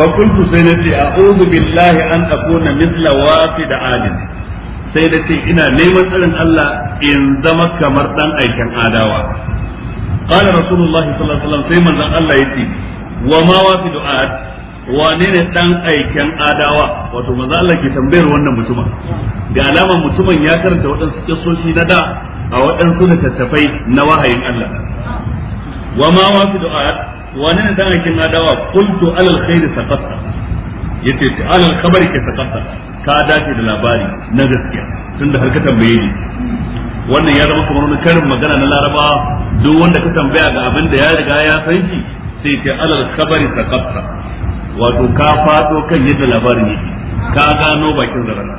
fa kuntu sai na ce a'udhu billahi an akuna mithla wafid adin sai na ce ina neman tsarin Allah in zama kamar dan aikin adawa qala rasulullahi sallallahu alaihi wasallam sai manzon Allah yace wa ma wa fi wane ne dan aiken adawa wato manzon Allah ke tambayar wannan mutumin da alama mutumin ya karanta waɗansu kissoshi na da a waɗansu littattafai na wahayin Allah wa ma wa fi du'at wane ne dan aiken adawa qultu alal khairi saqatta yace ta alal khabari ka saqatta ka dace da labari na gaskiya tunda har ka tambaye ni wannan ya zama kamar wani karin magana na laraba duk wanda ka tambaya ga abin da ya riga ya san shi sai ce alal kabari saqafta wato ka fado kan yadda labarin yake ka gano bakin zaran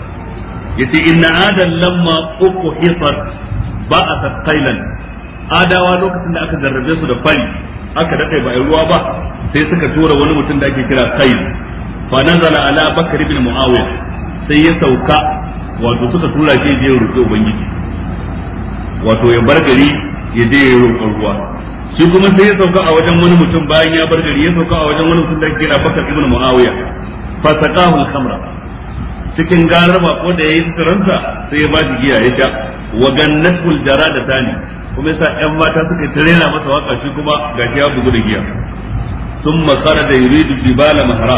yace inna adan lamma uku hisar ba'athat qailan adawa lokacin da aka jarrabe su da fari aka dade ba ruwa ba sai suka tura wani mutum da ake kira qail fa nazala ala bakr ibn muawiya sai ya sauka wato suka tura shi je roƙi ubangiji wato ya bar gari ya je ya yi ruwa shi kuma sai ya sauka a wajen wani mutum bayan ya bar gari ya sauka a wajen wani mutum da ke bakar ibn muawiya fa saqahu khamra cikin garar ko da yayi tsiransa sai ya ba shi giya ya sha wa gannatul jarada tani kuma yasa ƴan mata suka tarena masa waka shi kuma ga ya bugu da giya thumma da yuridu jibala mahra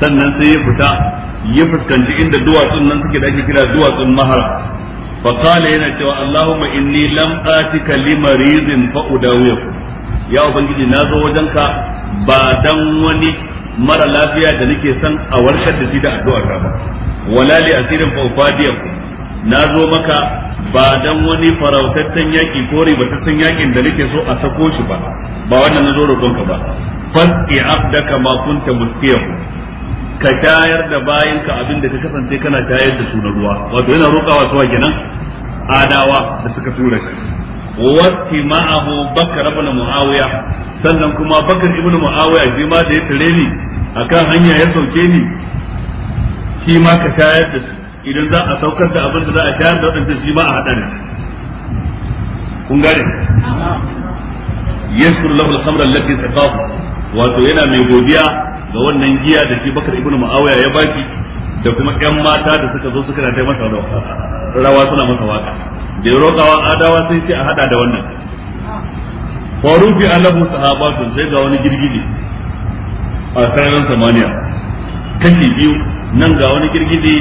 sannan sai ya fita ya fuskanci inda duwatsun nan suke da ake kira duwatsun mahra فقال yana Allahu ma inni lam atika limaridin fa udawiyaku ya ubangiji na zo ka ba dan wani mara lafiya da nake son a warkar da shi da addu'a ta ba wala li asirin fa ufadiyaku na zo maka ba dan wani farautaccen yaki ko ribataccen yakin da nake so a sako shi ba ba wannan na zo roƙonka ba fasti abdaka ma kunta mustiyahu ka tayar da ka abin da ka kasance kana tayar da su na ruwa wato yana roƙawa suwa kenan adawa da suka tura shi wati ma'ahu bakar ibn muawiya sannan kuma bakar ibn muawiya shi ma da ya tare ni akan hanya ya sauke ni shi ma ka tayar da su idan za a saukar da abin da za a tayar da wadanda shi ma a hada ne kun gane yashkuru lahu al-khamra allati wato yana mai godiya ga wannan giya da shi bakar ibnu muawiya ya baki da kuma ƴan mata da suka zo suka rata masa rawa suna masa waka da rokawa adawa sai ce a hada da wannan fi alahu sahabatun sai ga wani girgije a sararin samaniya kashi biyu nan ga wani girgije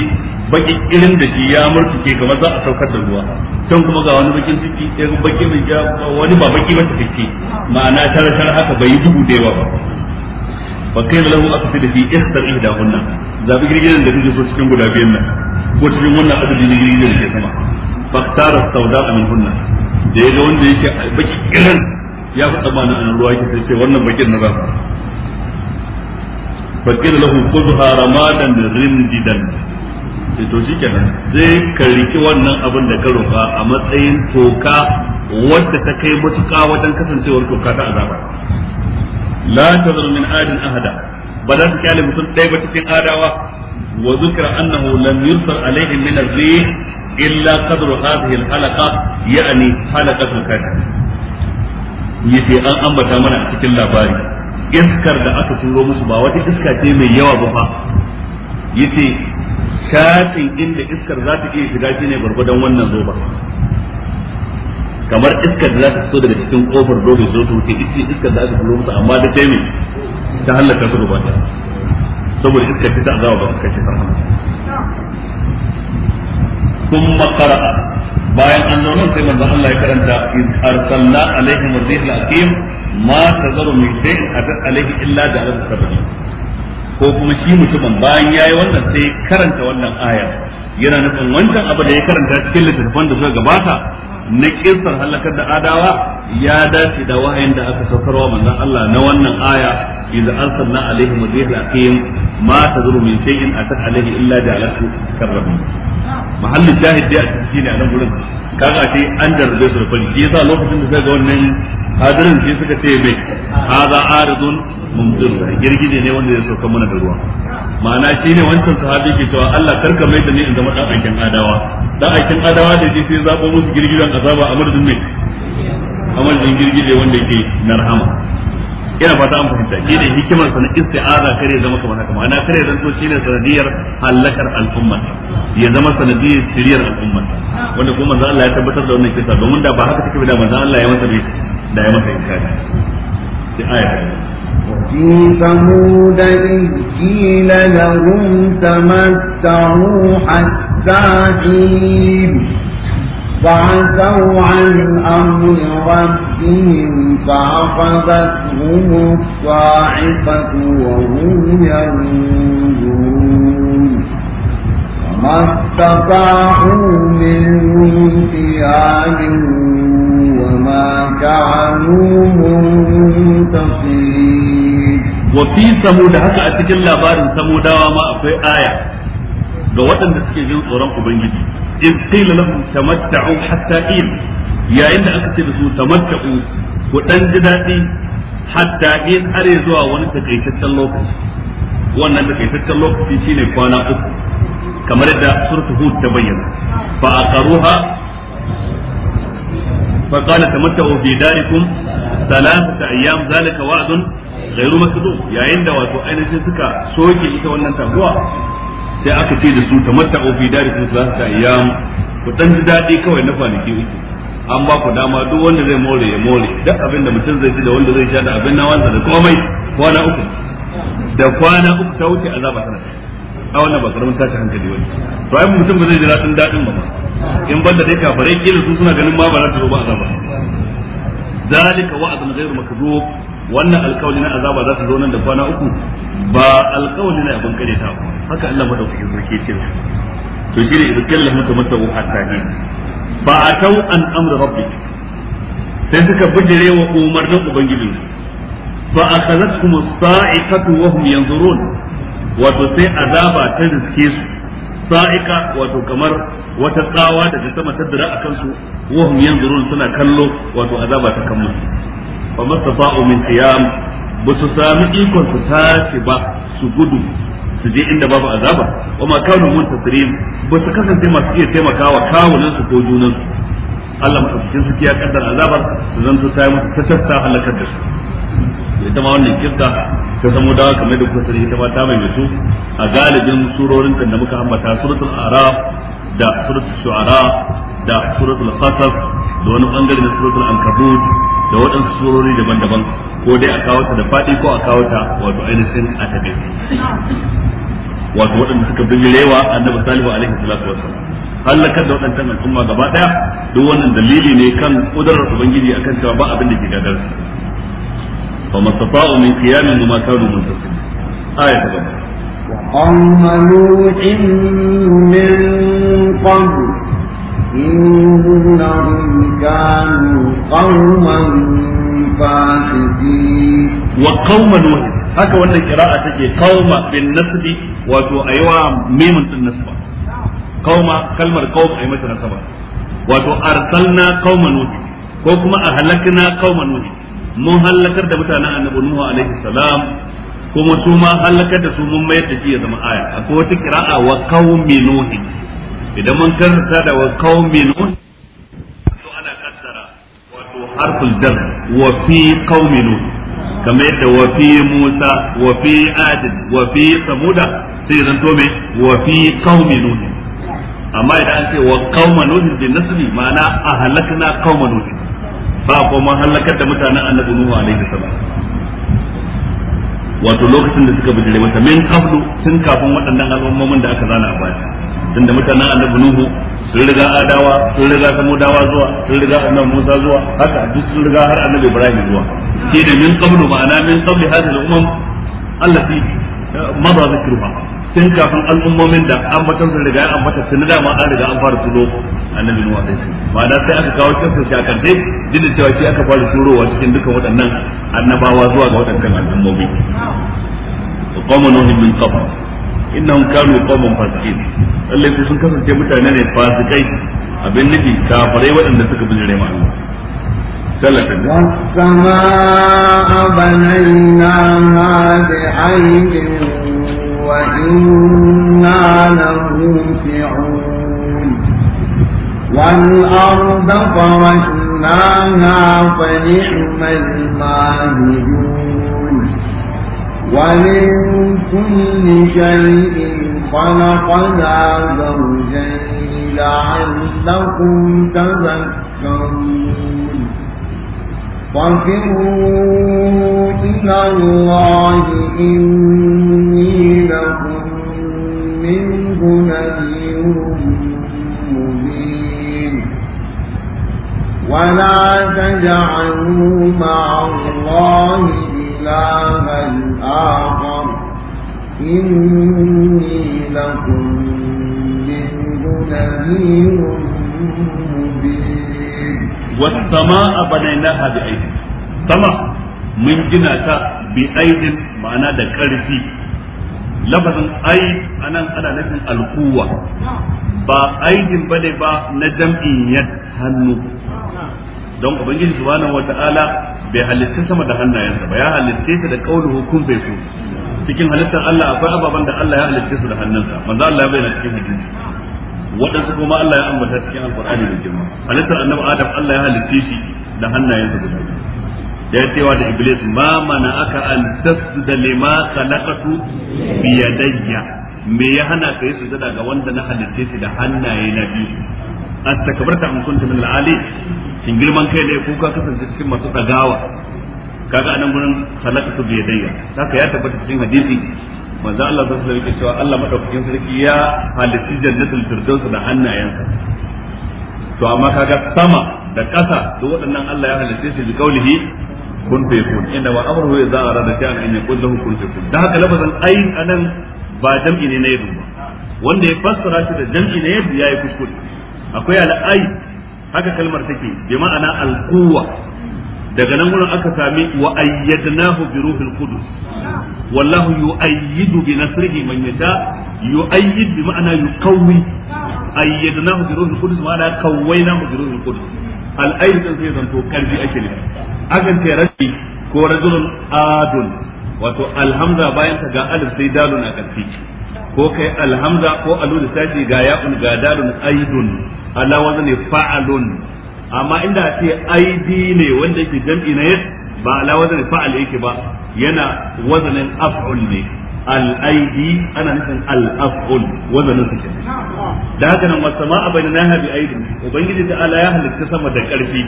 bakin irin da shi ya murtuke kamar za a saukar da ruwa can kuma ga wani bakin ciki ɗaya bakin da wani ba baki ba ta fike ma'ana tarar haka bai yi dubu da yawa ba fa qila lahu aqsid fi ihsar ihdahunna zabi girgiren da kike so cikin guda biyan nan ko cikin wannan adadin girgiren da ke sama fa tara sauda minhunna da yaga wanda yake baki kiran ya faɗa mana an ruwa yake sai wannan bakin na zafa fa qila lahu khudha ramadan rindidan sai to shikenan sai ka riki wannan abin da ka roka a matsayin toka wadda ta kai mutuka wajen kasancewar toka ta azaba la tazar adin ahada ba za ta kyale mutum ɗaya ba cikin adawa wa zukira annahu lam yursal alaihim min ar-rih an ambata mana a cikin labari iskar da aka turo musu ba wata iska ce mai yawa ba fa yace shafin inda iskar za ta iya shiga shine gwargwadon wannan zoba kamar iskar da za ta fito daga cikin kofar dole su ta wuce ita iskar da aka fito musu amma da taimi ta hallaka su gaba ɗaya saboda iskar ta azaba ba kashe sarfa kuma qara'a bayan an zauna sai manzon Allah ya karanta in arsalna alaihim ar-rihla aqim ma tazaru min shay'in atat alaihi illa ja'alat sabbi ko kuma shi mutumin bayan yayi wannan sai karanta wannan aya yana nufin wancan abu da ya karanta cikin littattafan da suka gabata na kinsar halakar da adawa ya dace da wahayin da aka saukarwa manzon Allah na wannan aya idza arsalna alaihim rihla aqim ma tazuru min shay'in atat alaihi illa ja'alatu karrabi mahallin jahid dai a cikin ne a nan gurin kaga ce an jarrabe su da fari shi yasa lokacin da ga wannan hadirin shi suka ce mai hadha aridun mumtir girgije ne wanda ya sauka mana da ruwa ma'ana ne wancan sahabi ke cewa Allah karka mai da ni in zama dan aikin adawa da aikin adawa da sai zabo musu girgiran azaba a murzin mai a madadin girgije wanda yake na rahama ina fata an fahimta shi ne hikimar sana na isti'aza kare zama kamar haka ma'ana kare zan so shine sanadiyar halakar al'umma ya zama sanadiyar shiriyar al'umma wanda kuma manzo Allah ya tabbatar da wannan kisa domin da ba haka take da manzo Allah ya masa ne da ya masa inkari sai aya وفي ثمود إذ قيل لهم تمتعوا حتى الزاجين فعتوا عن أمر ربهم فأخذتهم الصاعقة وهم ينظرون وما استطاعوا من قيام وما كانوا منتصرين وفي ثمود هكا أتجلى بار ثمود وما في آية ga waɗanda suke jin tsoron ubangiji in qila lahum tamatta'u hatta in yayin da aka ce da su tamatta'u ku dan ji daɗi hatta in are zuwa wani takaitaccen lokaci wannan takaitaccen lokaci shine kwana uku kamar yadda suratul hud ta bayyana fa aqaruha fa qala tamatta'u fi darikum thalathata ayyam zalika wa'dun ghayru makdub yayin da wato ainihin suka soke ita wannan taguwa sai aka ce da su ta tamatta'u fi darikum thalathata ta ku dan ji daɗi kawai na kwanaki uku an ba ku dama duk wanda zai more ya more duk abin da mutum zai ci da wanda zai sha da abin na wanda da komai kwana uku da kwana uku ta wuce azaba tana a wannan ba karamin tashi hankali wani to ai mutum ba zai ji daɗin daɗin ba ma in banda dai kafare kila su suna ganin ma ba za su zo ba azaba zalika wa'azun ghairu makdhub wannan alkawali na azaba za su zo nan da kwana uku ba alkawali na abin kare ta haka Allah madaukakin sarki ce to shi ne idan kallahu tamattahu hatta ne ba a atau an amra rabbik sai suka bijire wa umarnin ubangijin fa akhadhatkum as-sa'iqatu wa hum yanzurun wato sai azaba ta riske su sa'iqa wato kamar wata tsawa da ta sama ta dira akan su wa hum yanzurun suna kallo wato azaba ta kammala fa mastata'u min qiyam basu sami ikon su tashi ba su gudu su je inda babu azaba wa ma kanu muntasirin ba su kasance masu iya taimakawa kawunan su ko junan Allah madaukakin sarki ya kaddara azabar su zanto ta yi ta tasta halakar da su ita ma wannan kirka ta samu dawa kamar da kuka ita ma ta mai mutu a galibin surorin da muka ambata suratul araf da suratul shu'ara da suratul qasas da wani bangare na suratul ankabut da waɗansu surori daban-daban ko dai a kawo ta da faɗi ko a kawo ta wato ainihin a tabe wato waɗanda suka bijirewa annabi salihu alaihi salatu wasallam hallakar da waɗancan al'umma gaba ɗaya duk wannan dalili ne kan kudurar ubangiji akan cewa ba abin da ke gadar fa mastata'u min qiyamin ma kanu muntasibin aya ta gaba وقوم نوح من قبل إنهم كانوا قوما فاسدين وقوم نوح haka wannan kira'a take kauma bin nasbi wato aywa mimun din nasba qauma kalmar qaum ay mata nasaba wato arsalna kauma nuh ko kuma ahlakna kauma nuh mun halakar da mutanen annabi nuh alaihi salam kuma su ma halakar da su mun mayar da shi ya zama aya akwai wata kira'a wa kaumi nuh idan mun karanta da wa qaumin to ana kaddara wato harful jar wa fi qaumin kamar yadda wa fi musa wa fi ad wa fi samuda sai zan to me wa fi qaumin amma idan an ce wa qauman nuh bin nasbi ma'ana ahlakna qauman nuh ba ko mun halakar da mutanen annabi nuh alaihi salam wato lokacin da suka bijire mata min qablu tun kafin waɗannan al'ummomin da aka zana a baya tunda mutanen annabi nuhu sun riga adawa sun riga dawa zuwa sun riga annabi musa zuwa haka duk sun riga har annabi ibrahim zuwa shi da min qablu ma'ana min qabli hadhihi al-umam allati eh, madha dhikruha tun kafin al'ummomin da an matan sun riga an mata tun da ma an riga an fara tulo annabi nuhu sai ma'ana sai aka kawo kansa shakante duk da cewa shi aka fara turowa cikin dukkan waɗannan annabawa zuwa ga waɗannan al'ummomi قوم نوح من قبل إنهم كانوا قوما فاسقين lalle sai sun kasance mutane ne fasikai abin nufi kafirai waɗanda suka bi jire ma'ana sallata ga sama abanaina ma bi ainin wa inna lahu fi'un wal arda farashnaha ومن كل شيء وخلقنا زوجين لعلكم تذكرون وفروا إلى الله إني لكم منه نذير مبين ولا تجعلوا مع الله إلها آخر إني لكم منه نذير مبين والسماء بنيناها بأيد سماء من جناتا بأيد معناه ده كارثي lafazin aid أنا nan ana nufin alkuwa ba aidin ba na jam'in yad hannu don ubangiji subhanahu ta'ala bai halitta sama da hannayensa ba ya halitta ta da kaulu hukum bai cikin halittar Allah akwai ababen da Allah ya halitta su da hannunsa manzo Allah ya bayyana cikin hadisi waɗansu kuma Allah ya ambata cikin alqur'ani da girma halittar annabi Adam Allah ya halitta shi da hannayensa guda ya yi cewa da iblis ma mana aka an tasjuda lima khalaqatu bi yadayya me ya hana ka yi sujada ga wanda na halitta shi da hannaye na biyu astakbarta an kunta min al-ali shin girman kai ne ko ka kasance cikin masu tsagawa kaga anan gurin salakatu bi yadayya haka ya tabbata cikin hadisi manzo Allah sallallahu alaihi wasallam cewa Allah madaukakin sarki ya halitta jannatul firdaus da hannayensa to amma kaga sama da ƙasa duk waɗannan Allah ya halitta su bi kaulihi kun fa yakun inna wa amruhu idza arada shay'an an yakun lahu kun fa yakun da haka lafazan ayin anan ba jam'i ne na yadu ba wanda ya fassara shi da jam'i ne yadu yayi kuskure akwai al'ayi haka kalmar take bi ma'ana al-quwwa daga nan wurin aka sami wa ayyadnahu bi ruhil qudus wallahu yu'ayyidu bi nasrihi man yasha yu'ayyid bi ma'ana yuqawwi ayyadnahu bi ruhil qudus ma'ana qawwaynahu bi ruhil qudus al ayyid sai zanto karfi ake ne akan ce rabbi ko rajulun adun wato alhamza bayan ta ga alif sai dalun a karfi ko kai alhamza ko alu da ga ya'un ga dalun aidun ala wazni fa'alun amma inda ce aidi ne wanda yake jam'i na yad ba ala wazan fa'al yake ba yana wazanin af'ul ne al-aidi ana nufin al-af'ul wazanin su kenan da haka nan wasu ma'a bai na bi aidi ubangiji ta ala ya halitta sama da karfi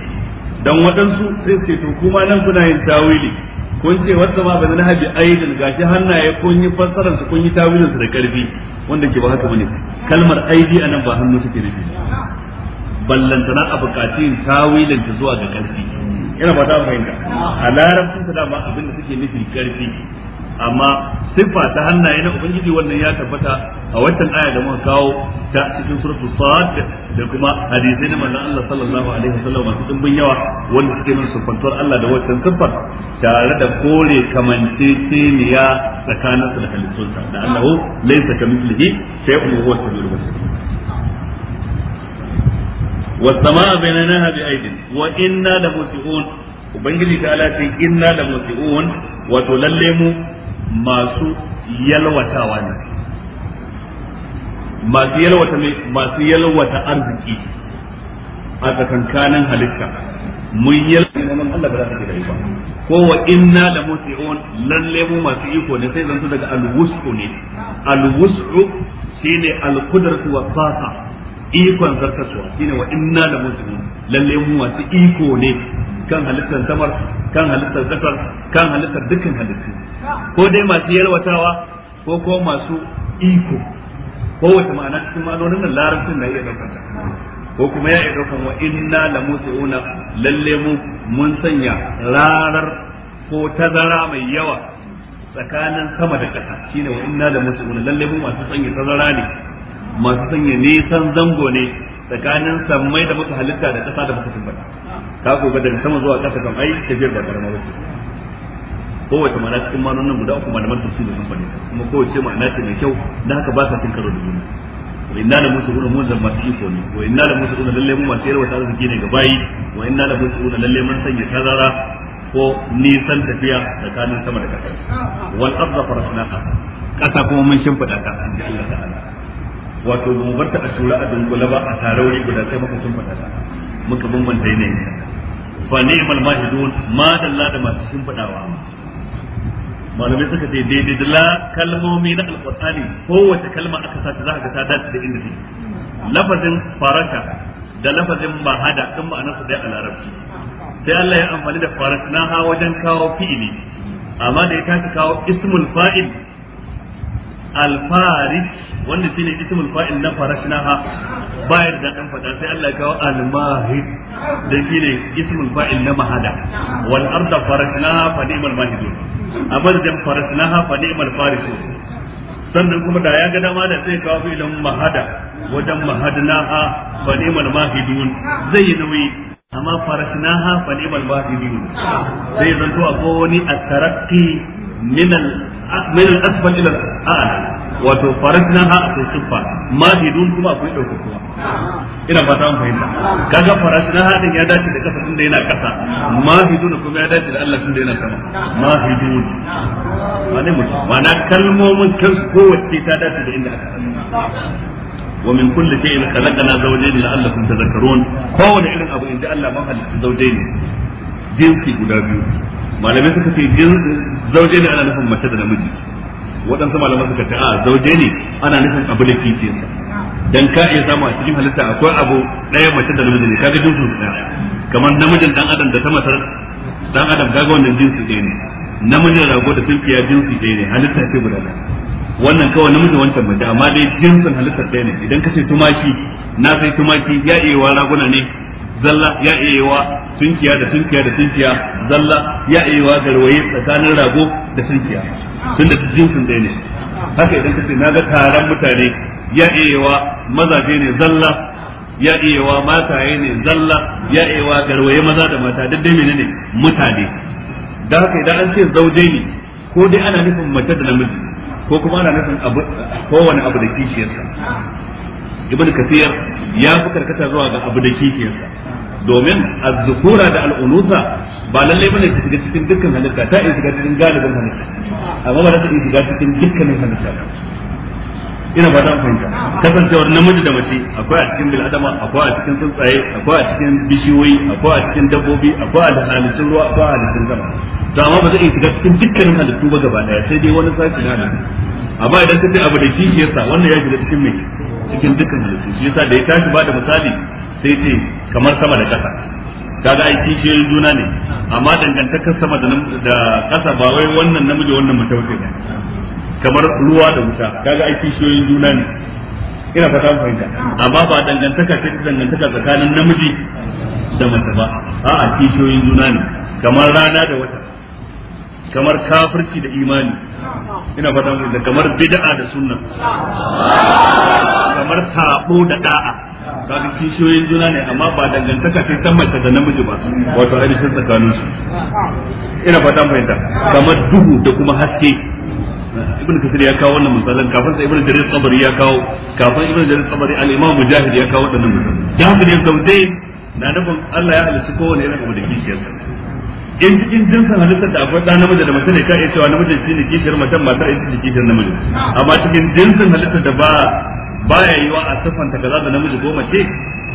dan waɗansu sai ce to kuma nan kuna yin tawili kun ce wasu ma bai na bi aidin gashi hannaye kun yi fassarar su kun yi tawilin su da karfi wanda ke ba haka bane kalmar aidi anan ba hannu suke nufi ballantana a bukatun tawilin ta zuwa ga karfi ina ba ta fahimta a larabcin ta dama abinda suke nufi karfi amma siffa ta hannaye na ubangiji wannan ya tabbata a watan aya da muka kawo ta cikin suratul sad da kuma hadisai na manzon Allah sallallahu alaihi wasallam masu dimbin yawa wanda suke nuna siffantuwar Allah da wannan sifar tare da kore kamance tsakanin tsakaninsa da halittunsa da Allahu laysa kamithlihi shay'un huwa as basir والسماء بنيناها بأيد وإنا لموسعون ubangiji ta ala sai inna da musi'un wato lalle masu yalwatawa ne masu yalwata ne masu yalwata arziki a tsakankanin halitta mun yalwata ne nan Allah ba za ta ke ba ko inna da musi'un lalle mu masu iko ne sai zanto daga alwusu ne alwusu shine alqudratu wa fasa ikon zartaswa shine wa inna la muslimun lalle mu masu iko ne kan halittar samar kan halittar zakar kan halittar dukkan halittu ko dai masu yalwatawa ko ko masu iko ko wata ma'ana cikin ma'anonin nan larabcin na iya daukar ko kuma ya iya daukar wa inna la muslimun lalle mu mun sanya ranar ko tazara mai yawa tsakanin sama da ƙasa shine wa inna la muslimun lalle mu masu sanya tazara ne masu sanya nisan zango ne tsakanin sammai da masu halitta da ƙasa da masu tumbata ka ko ga daga sama zuwa ƙasa kan ai tafiyar ba karama ba kowace ma'ana cikin manonin guda uku malaman tafsiri sun faɗi kuma kowace ma'ana ce mai kyau na haka ba sa cin karo da juna wa inna la musuluna mun zama masu iko ne wa inna la musuluna lalle mun masu yarwa ta arziki ne ga bayi wa inna la musuluna lalle mun sanya tazara ko nisan tafiya tsakanin sama da ƙasa wal arda farasnaha ƙasa kuma mun shimfiɗa ta inji Allah ta'ala wato ba mu barta a tura a dunkula ba a tare wuri guda sai muka sun fada muka bambanta yanayin fa mal mahidun ma dalla da masu sun fadawa malamai suka ce daidai da kalmomi na alqur'ani kowace kalma aka sace za ka ga ta dace da inda take lafazin farasha da lafazin mahada din su dai a larabci sai Allah ya amfani da ha wajen kawo fi'ili amma da ya tashi kawo ismul fa'il alfaris wanda shine ismul fa'il na farashnaha bayar da dan fada sai Allah ya kawo almahid da shine ismul fa'il na mahada wal arda farashnaha fa ni'mal mahidun amal jam farashnaha fa ni'mal farisun sannan kuma da ya ga dama da sai kawo fi'ilin mahada wajen mahadnaha fa ni'mal mahidun zai nauyi amma farashnaha fa ni'mal mahidun zai zanto a ko wani at-taraqqi min من الاسفل الى الاعلى al-a'la wato farajna ha akwai siffa mahidun kuma akwai daukakuwa ina ba ta fahimta kaga farajna ha din ya dace da kasa tunda yana kasa mahidun kuma ya dace da Allah tunda yana sama mahidun mane mutum mana kalmomin kansu kowace ta dace da inda aka ومن كل شيء خلقنا زوجين لعلكم تذكرون كون علم ابو ان الله ما خلق زوجين جنسي غدا بيو malamai suka ce zauje ne ana nufin mace da namiji waɗansu malamai suka ce a zauje ne ana nufin abu da kici dan ka iya samu a cikin halitta akwai abu ɗaya mace da namiji ne kaga jinsu ɗaya kamar namijin dan adam da ta masar dan adam kaga wannan jinsu ɗaya ne namijin rago da sulfiya jinsu ɗaya ne halitta ce guda ɗaya wannan kawai namiji wancan mace amma dai jinsin halittar ɗaya ne idan ka ce tumaki na sai tumaki ya iya wa raguna ne zalla ya iyewa tunkiya da tunkiya da tunkiya zalla ya iyewa garwaye tsakanin rago da tunkiya tun da jinsin ɗaya ne haka idan kace na ga taron mutane ya iyawa mazaje ne zalla ya iyawa mataye ne zalla ya iyewa garwaye maza da mata duk dai menene mutane dan haka idan an ce zauje ne ko dai ana nufin mace da namiji ko kuma ana nufin kowane abu da kishiyarsa ibn kasir ya fi karkata zuwa ga abu da kikiyarsa domin azzukura da al'unusa ba lallai bane su shiga cikin dukkan halitta ta in shiga cikin galibin halitta amma ba za ta shiga cikin dukkanin halitta ina ba dan fahimta kasancewar namiji da mace akwai a cikin bil'adama akwai a cikin tsuntsaye akwai a cikin bishiyoyi akwai a cikin dabbobi akwai a halittun ruwa akwai a halittun zama to amma ba zai iya shiga cikin dukkanin halittu ba gaba daya sai dai wani sashi na halittu amma idan ka ce abu da kishi yasa wannan ya shiga cikin mai cikin dukkan halittu shi yasa da ya tashi ba da misali sai ce kamar sama da ƙasa kaga ai kishiyoyin juna ne amma dangantakar sama da ƙasa ba wai wannan namiji wannan mace ne kamar ruwa da wuta kaga ai kishiyoyin juna ne ina fata mun fahimta amma ba dangantaka ce dangantaka tsakanin namiji da mace ba a'a kishiyoyin juna ne kamar rana da wata kamar kafirci da imani ina fata mu da kamar bid'a da sunna kamar sabo da da'a kaga kishiyoyin juna ne amma ba dangantaka ce ta mace da namiji ba wato ainihin tsakanin su ina fata mu da kamar duhu da kuma haske ibn kasir ya kawo wannan misalan kafin sa ibn jarir sabari ya kawo kafin ibn jarir sabari al-imam mujahid ya kawo wannan misalan dan haka ne na nufin Allah ya halicci kowane irin abu da kishiyarsa in cikin jinsin halittar da akwai ɗan namiji da mace ne ka iya cewa namijin ne kishiyar macen matar ita ce kishiyar namiji amma cikin jinsin halittar da ba yi yiwa a siffanta kaza da namiji ko mace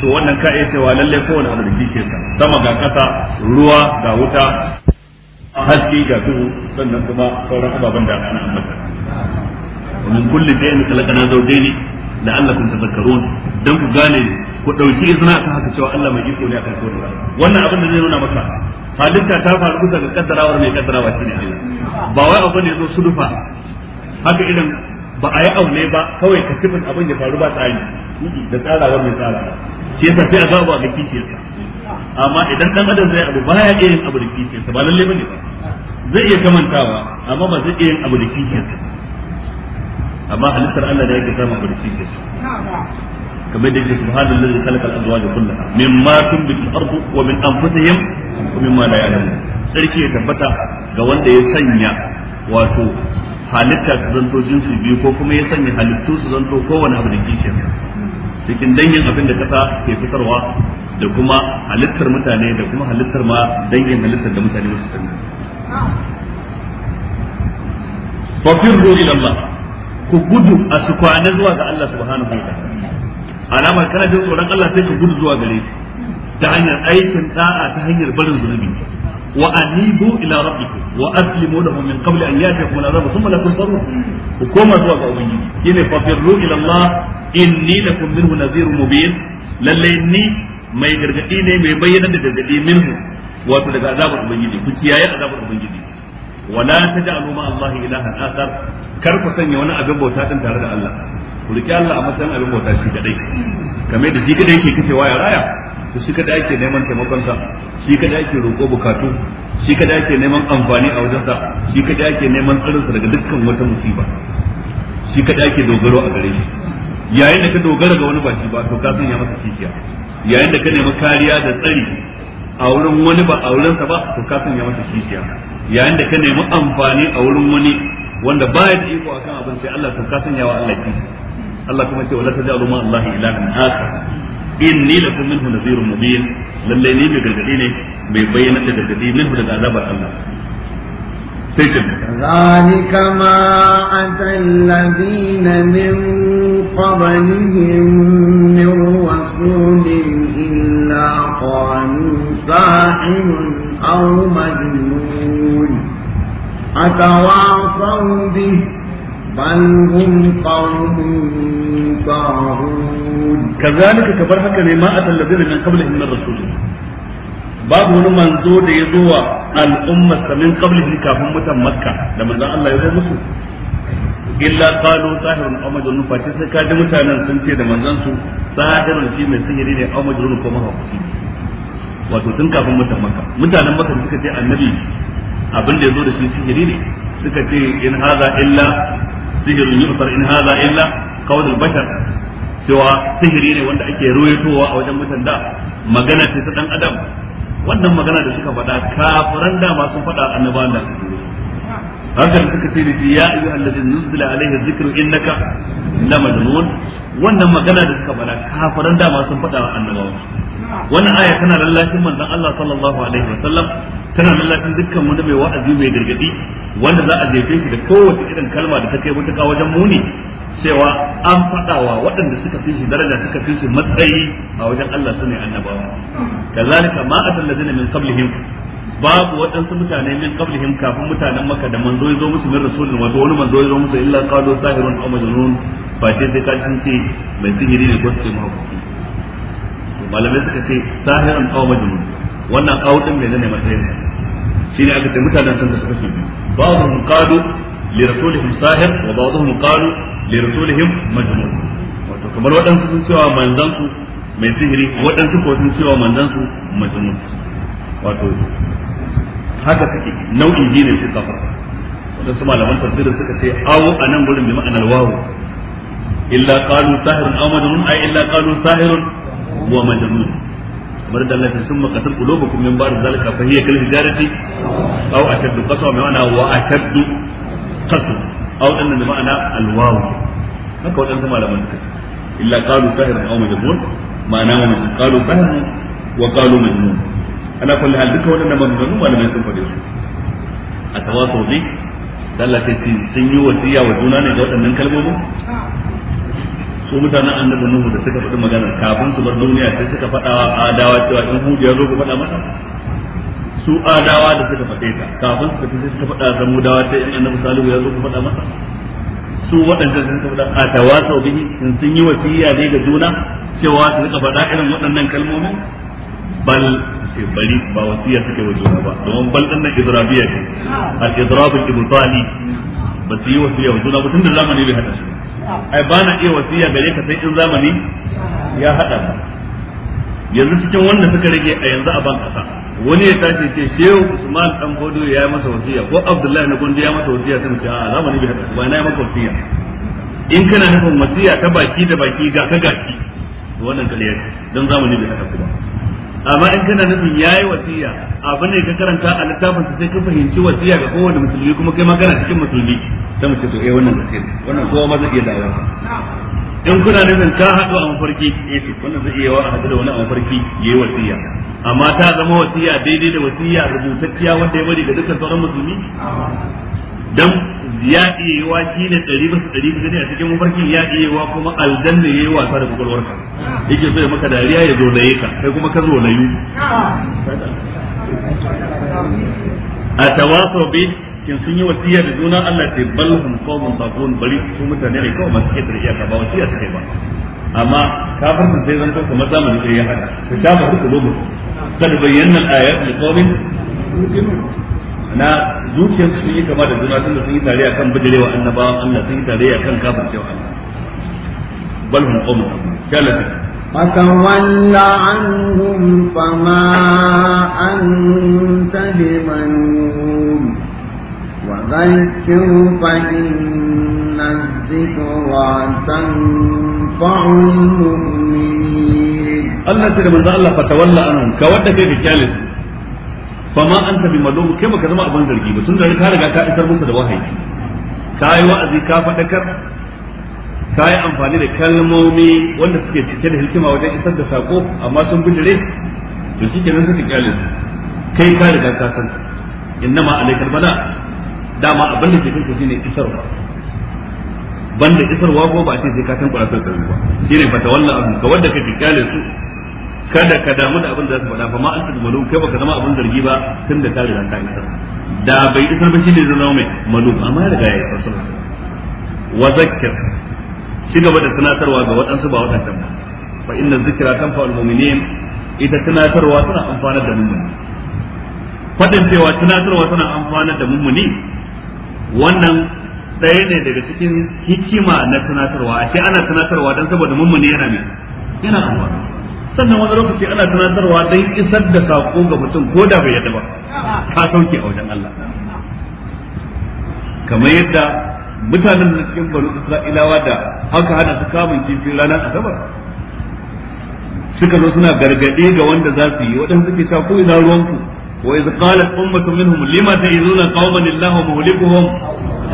to wannan ka iya cewa lalle kowane abu da kishiyar ka. sama ga kasa ruwa ga wuta haske ga duhu sannan kuma sauran ababen da ana ambata na كل ne da Allah kun tadhakkarun dan ku gane ku dauki izina ka haka cewa Allah mai iko ne akan kowa wannan abin da zai nuna maka halitta ta faru bisa ga kaddarawar mai kaddarawa shine Allah ba wai abu ne zo sulufa haka irin ba a yi aune ba kawai ka tifin abin ya faru ba tsari da tsarawa mai tsarawa shi yasa sai a ga ba ga kishiyarsa amma idan dan adam zai abu baya iya yin abu da kishiyarsa ba lalle bane ba zai iya kamantawa amma ba zai iya yin abu da kishiyarsa amma halittar Allah da yake samun abu da kishiyarsa kamar da yake subhanallahi khalaqal azwaja kullaha mimma tunbitul ardu wa min anfusihim wa mimma la ya'lamun sarki ya tabbata ga wanda ya sanya wato halitta su zanto jinsi biyu ko kuma ya sanya halittu su zanto kowane abu da kishiyar cikin dangin abin da kasa ke fitarwa da kuma halittar mutane da kuma halittar ma dangin halittar da mutane wasu sanya fafirru ila Allah ku gudu a su kwana zuwa ga Allah subhanahu wa ta'ala alamar kana jin tsoron Allah sai ka gudu zuwa gare shi ta hanyar aikin da'a ta hanyar barin zunubi wa anibu ila rabbikum wa aslimu lahu min qabli an yatiyakum al'azab thumma la tunzarun ku koma zuwa ga ubangiji shine fafirru ila Allah inni lakum minhu nadhirun mubin lalle ni mai gargadi ne mai bayyana da gargadi minhu wato daga azabar ubangiji ku kiyaye azabar ubangiji wala taj'alu ma Allah ilahan akhar kar ku sanya wani abin bauta din tare da Allah ku riƙe Allah a matsayin abin bauta shi kadai kame da shi kadai yake kace ya raya to shi kadai yake neman taimakon sa shi kadai yake roƙo bukatu shi kadai yake neman amfani a wajen sa shi kadai yake neman tsarin sa daga dukkan wata musiba shi kadai yake dogaro a gare shi yayin da ka dogara ga wani baki ba to ka sanya masa kishiya yayin da ka nemi kariya da tsari a wurin wani ba a wurin sa ba to ka sanya masa kishiya yayin da ka nemi amfani a wurin wani wanda baya da iko akan abin sai Allah to ka sanya wa Allah kishiya Allah kuma ce wala tajalu ma Allah ilahan akhar inni lakum minhu nadhirun mubin lalle ne mai gargadi ne mai bayyana da gargadi minhu daga azabar Allah ذلك ما أتى الذين من قبلهم من رسول إلا قالوا ساحر أو مجنون أتواصوا به بل هم قوم طاغون كذلك كبر هكا ما أتى الذين من قبلهم من رسول babu wani manzo da ya zo wa al'ummarsa min qablihi kafin mutan makka da ya zo musu illa qalu sahirun aw majnun fa sai ka ji mutanen sun ce da manzon su sahirun shi mai sihiri ne aw majnun ko wato tun kafin mutan maka mutanen maka suka ce annabi abin da yazo da shi sihiri ne suka ce in haza illa sihirun yufar in haza illa qawl bashar cewa sihiri ne wanda ake ruwaitowa a wajen mutan da magana ce ta dan adam wannan magana da suka faɗa kafiran dama sun faɗa annabawan da suke haka suka ce da shi ya ayu allazi nuzila alaihi dhikru innaka la majnun wannan magana da suka bada kafiran da ma sun faɗa wa annabawa wannan aya tana lallashin manzon Allah sallallahu alaihi wasallam tana lallashin dukkan wani mai wa'azi mai gargadi wanda za a jefe shi da kowace irin kalma da ta kai mutuka wajen muni cewa an faɗawa waɗanda suka fi shi daraja suka fi shi matsayi a wajen Allah sune annabawa kazalika ma atal ladina min qablihim babu waɗansu mutane min qablihim kafin mutanen maka da manzo ya zo musu min rasulun wato wani manzo ya zo musu illa qalu sahirun aw majnun ba ce sai ka san mai sihiri ne ko su ce mahaukaci malamai suka ce sahirun aw majnun wannan audin mai ne matsayin shi ne aka ce mutanen sun suka ce ba'dhum qalu li rasulihim sahir wa ba'dhum qalu li rasulihim majnun wato kamar waɗansu sun cewa manzansu mai sihiri waɗansu ko sun cewa manzansu majnun wato haka suke nau'i biyu ne su kafar wadansu malaman tafsirin suka ce aw anan gurin bi ma'anar wawu illa qalu sahirun aw majnun ay illa qalu sahirun wa majnun kamar da Allah ya summa qatar qulubukum min ba'd zalika fa hiya kal hijarati aw ashaddu qaswa ma'ana wa ashaddu qaswa aw bi ma'ana al haka wadansu malaman suka illa qalu sahirun aw majnun ma'ana wa qalu sahirun wa qalu majnun ana kulli hal duka waɗannan maganganu malamai sun faɗe su a tawasau zai Allah ta ce sun yi wasiya wa juna ne da waɗannan kalmomin su mutanen annabi Nuhu da suka faɗi magana kafin su bar duniya sai suka faɗa wa adawa cewa in hudu ya zo ku faɗa mata su adawa da suka faɗe ta kafin su tafi suka faɗa dawa ta in annabi Salihu ya zo ku faɗa masa su waɗanda sun faɗa a tawasau bihi sun yi wasiya ne ga juna cewa su suka faɗa irin waɗannan kalmomin bal في bari ba في suke wa juna ba domin bal din nan idrabiya ce al idrab al ibtali ba su yi wasiya wa juna ba tunda zamani bai hada ai ba na iya ka sai in zamani ya yanzu cikin wanda suka rage a yanzu a ban kasa wani ya tashi ce shehu usman dan bodo ya masa wasiya ko abdullahi na gundu ya masa wasiya sai ce a zamani bai hada ba na ya maka wasiya in kana nufin wasiya ta baki da baki ga ka gaki wannan kariya don zamani bai hada kuma amma in kana nufin yayi wasiya abin ne ka karanta a littafin sai ka fahimci wasiya ga kowane musulmi kuma kai ma kana cikin musulmi sai mu ce to eh wannan gaskiya wannan kowa ma zai iya dawo in kuna nufin ka haɗu a mafarki eh to wannan zai iya wa a haɗu da wani a mafarki yayi wasiya amma ta zama wasiya daidai da wasiya rubutacciya wanda ya bari ga dukkan sauran musulmi dan ya iya wa shi ne ɗari bisa ɗari bisa ne a cikin mafarkin ya iya wa kuma aljanna ya yi wasa da kwakwalwarka yake so ya maka dariya ya zolaye ka kai kuma ka yi. a tawaso bi kin sun yi wasiya da juna Allah ce bal hum qawmun taqun bari su mutane ne kawai masu ke tariya ka ba wasiya kai ba amma kafirci sai zan ko kamar zamani sai ya hada ka shafa duk lokaci kad bayyana al-ayat li qawmin na zuciyarsu sun yi kama da juna tun da sun yi tarayya kan bijirewa annabawan Allah sun yi tarayya kan kafircewa Allah bal hum qawmun jalatu فتول عنهم فما أنت بمنهم وذكر فإن الذكرى تنفع المؤمنين الله تجد من الله fa ma anta bi malum kai baka zama abin zargi ba sun da ka riga ka isar musu da wahayi kai wa'azi ka fadakar kai amfani da kalmomi wanda suke cike da hikima wajen isar da sako amma sun bijire to nan suka kyale kai ka riga ka san ma alaikal bala dama abin da ke kanka shine isarwa banda isarwa ko ba a ce sai ka tankura sarkar ba shine fata wallan abin ka wanda kake kyale su kada ka damu da abin da za su faɗa fa ma an ta malu kai baka zama abin zargi ba tun da ka riga ka isar da bai isar ba shi ne zai zama mai malu amma ya riga ya isar sun wa zakkir shi gaba da tunatarwa ga waɗansu ba waɗansu ba fa inna zikra tanfa al mu'minin ita tunatarwa tana amfana da mummuni fadin cewa tunatarwa tana amfana da mummuni wannan ɗaya ne daga cikin hikima na tunatarwa ashe ana tunatarwa don saboda mummuni yana mai yana amfana sannan wani lokaci ana tunatarwa dan isar da sako ga mutum ko da bai yadda ba ka sauke a wajen Allah kamar yadda mutanen da cikin banu Isra'ilawa da haka hana su kamun kifin ranar asabar suka zo suna gargaɗe ga wanda za su yi waɗanda suke cewa ko ina ruwanku وإذ قالت أمة منهم لما تئذون قوما الله مهلكهم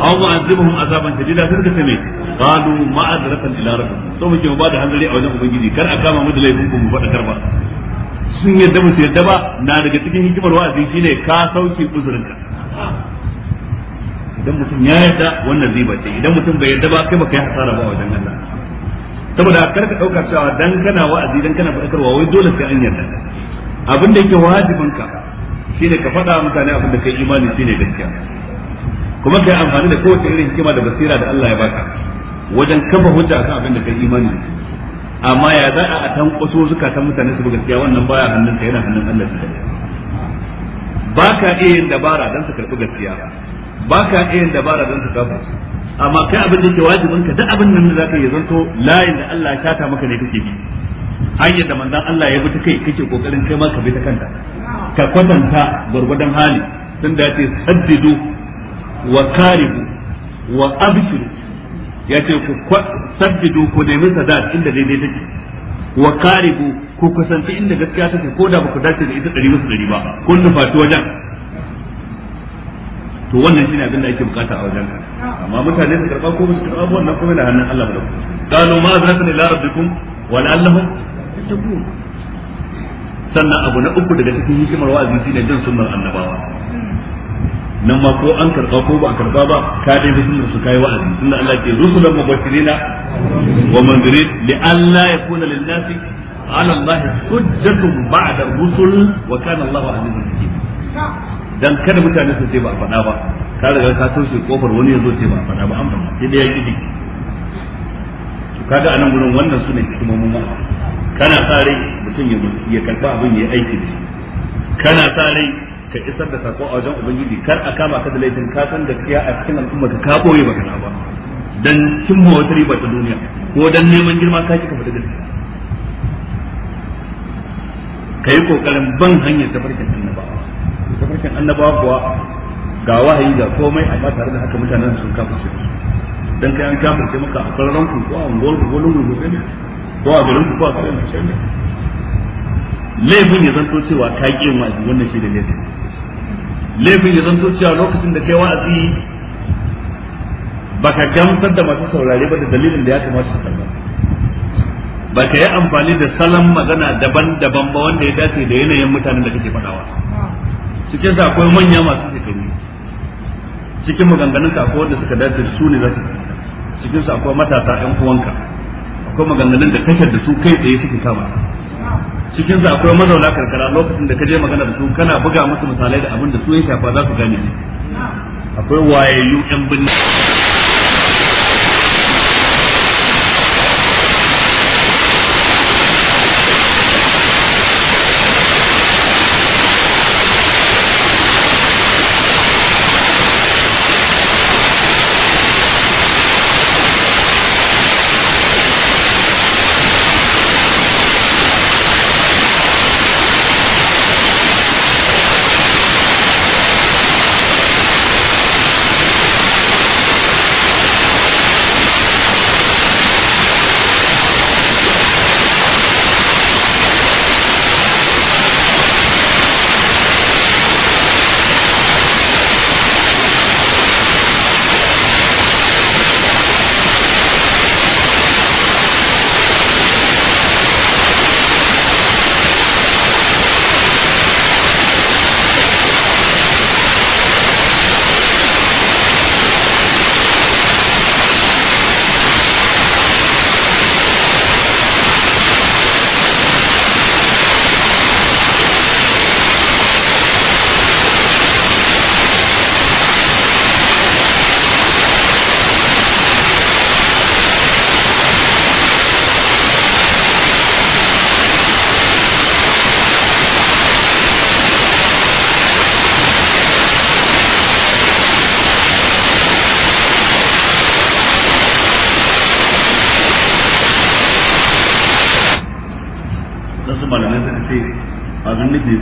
أو معذبهم عذابا شديدا تلك سمي قالوا معذرة إلى ربهم ثم كي مبعد هنزلي أو نقوم بجدي كان أكاما مدلي بكم مبعد كربا sun yadda musu yadda ba na daga cikin hikimar wa'azi shi ne ka sauke uzurinka idan mutum ya yadda wannan zai bace idan mutum bai yadda ba kai baka yi hasara ba wajen Allah saboda kar ka dauka cewa dan kana wa'azi dan kana fadakarwa wai dole sai an yadda. abin da yake ka. shine ka faɗa mutane abin da kai imani shine gaskiya kuma kai amfani da kowace irin hikima da basira da Allah ya baka wajen kafa hujja akan abin da kai imani amma ya za a tankwaso zukatan mutane su gaskiya wannan baya hannun ka yana hannun Allah ta ba ka iya yin dabara don su karɓi gaskiya ba ka iya yin dabara don su kafa amma kai abin da ke wajibin ka duk abin nan da zaka yi zanto layin da Allah ya tata maka ne kake bi hanyar da manzan Allah ya bi ta kai kake kokarin kai ma ka bi ta kanta ka kwatanta gurgudan hali tun da yace saddidu wa karibu wa abshiru yace ku saddidu ku nemi sadar inda daidai take wa karibu ku kusanci inda gaskiya take ko da ba ku dace da ita dari musu dari ba kun nufatu wajen to wannan shine abin da ake bukata a wajen ka amma mutane su karba ko su karba wannan kuma da hannun Allah da qalu ma azrakum ila rabbikum wa la'allahum yattaqun sannan abu na uku daga cikin hikimar wa'azi shine jin sunnar annabawa nan ma ko an karba ko ba a karba ba ka dai bi sunnar su kai wa'azi sunna Allah ke rusulan mubashirina wa mundirin li alla yakuna lin nasi ala Allah hujjatun ba'da rusul wa kana Allahu azizun hakim dan kada mutane su ce ba a faɗa ba ka riga ka toshe kofar wani ya zo ce ba a faɗa ba an faɗa sai dai ya dik jiki kaga anan gurin wannan sune hikimomin mu kana tsare rai mutum ya ya karba abin ya aiki da shi kana tsare ka isar da sako a wajen ubangiji kar a kama ka da laifin ka san gaskiya a cikin al'umma ka boye baka na ba dan cimma wata riba ta duniya ko dan neman girma ka kika fita gaskiya kai kokarin ban hanyar tafarkin annaba tafarkin annabawa kuwa ga wahayi ga komai amma tare da haka mutanen sun su dan kai an sai maka a kallon ku ko a unguwar ku ko lungun ku ne ko a garin ku ko a karen ku ne laifin ya zanto cewa ka ƙi yin wa'azi wannan shi da laifin laifin ya zanto cewa lokacin da kai wa'azi baka gamsar da masu saurare ba da dalilin da ya kamata su kalla ba ka yi amfani da salon magana daban-daban ba wanda ya dace da yanayin mutanen da kake faɗawa cikin sa akwai manya masu shekaru cikin maganganun ka akwai wanda suka dace da su ne zaka cikin sa akwai matasa ƴan uwanka akwai maganganun da kake da su kai tsaye suke kama cikin sa akwai mazauna karkara lokacin da ka je magana da su kana buga musu misalai da abin da su ya shafa za su gane akwai wayayyu ƴan binni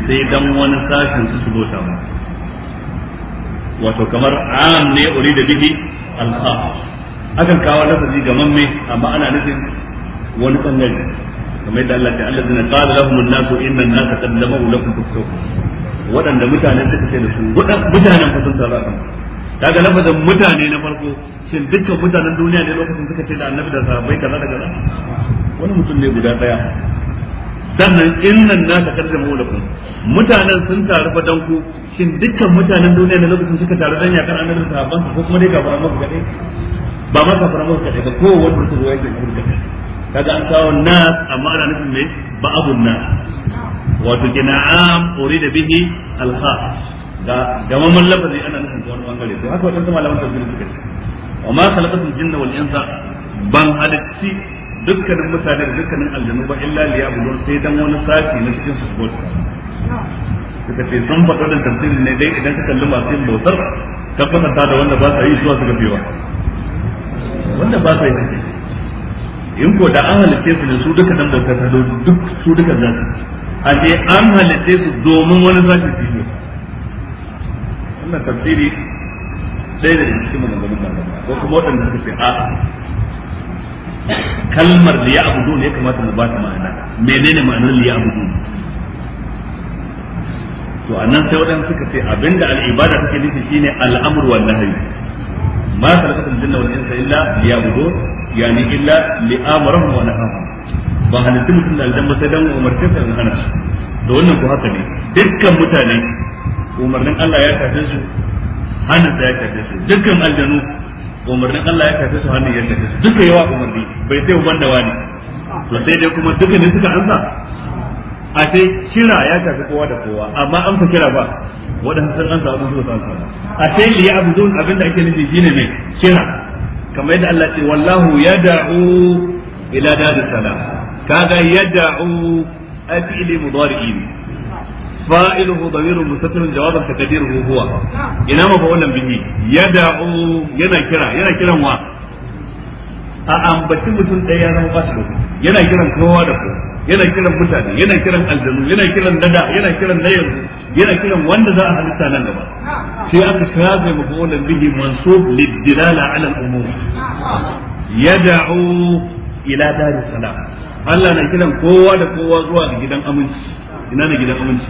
sai dan wani sashen su su bauta mu wato kamar am ne urida bihi al-khas akan kawo lafazi ga mamme amma ana nufin wani bangare kamar yadda Allah Allah zina qala lahum an nas inna an-nasa qad lamu lakum tuktukum waɗanda mutane suka ce da su mutanen fa sun tsara kaga lafazin mutane na farko shin dukkan mutanen duniya ne lokacin suka ce da annabi da sahabbai kaza da kaza wani mutum ne guda daya sannan innan nasa karta mu lakum mutanen sun taru fa dan ku shin dukkan mutanen duniya na lokacin suka taru dan yakar annabi da sahabban ko kuma dai kafaran maka kadai ba ma kafaran maka kadai ba ko wanda su zo yake kurka kaga an kawo nas amma ana nufin me ba abun nas wato jina'am urida bihi al-khas da gamamman lafazi ana nufin wani bangare to haka wadansu malaman tafsirin suka ce amma khalaqatul jinna wal insa ban halitti dukkanin mutane da dukkanin aljanu ba illa li ya'budun sai dan wani sati na cikin su bauta suka ce sun faɗa da tafsirin ne dai idan ka kalli masu yin bautar ka kwatanta da wanda ba sa yi zuwa suka biwa wanda ba sa yi suke in ko da an halitta su ne su duka dan bauta ta duk su duka za su a ce an halitta su domin wani sashi su yi wannan tafsiri ɗaya da cikin maganganun malamai ko kuma waɗanda suka ce a'a kalmar liya abudu ne kamata mu ba ta ma'ana menene ma'anar liya abudu to nan sai waɗanda suka ce abinda al'ibada take nufi shine al'amru wal nahyi ma salakata al-jinna wal insa illa ya yani illa li'amrahum wa nahahum ba halittu mutum da aljanna sai dan umarce sa hana shi da wannan ko haka ne dukkan mutane umarnin Allah ya tafi su hana sa ya tafi su dukkan aljanu umarnin Allah ya kace su hannun yadda duka yawa umarni bai sai uban da wani to sai dai kuma duka ne suka ansa a sai kira ya tafi kowa da kowa amma an fa kira ba wadanda sun ansa abin su san sama a sai li abdun abinda ake nufi shine mai kira kamar yadda Allah ce wallahu yad'u ila dar salam kaga yad'u afili mudari'in fa'iluhu damirun mustatirun jawaban takdiruhu huwa ina ma fa bihi yad'u yana kira yana kiran wa a ambaci mutum ɗaya ya zama fasu yana kiran kowa da kowa yana kiran mutane yana kiran aljanu yana kiran dada yana kiran na yana kiran wanda za a nan gaba sai aka shafe ma fa bihi mansub lidilala ala al-umum yad'u ila dar salam Allah na kiran kowa da kowa zuwa gidan aminci ina ne gidan aminci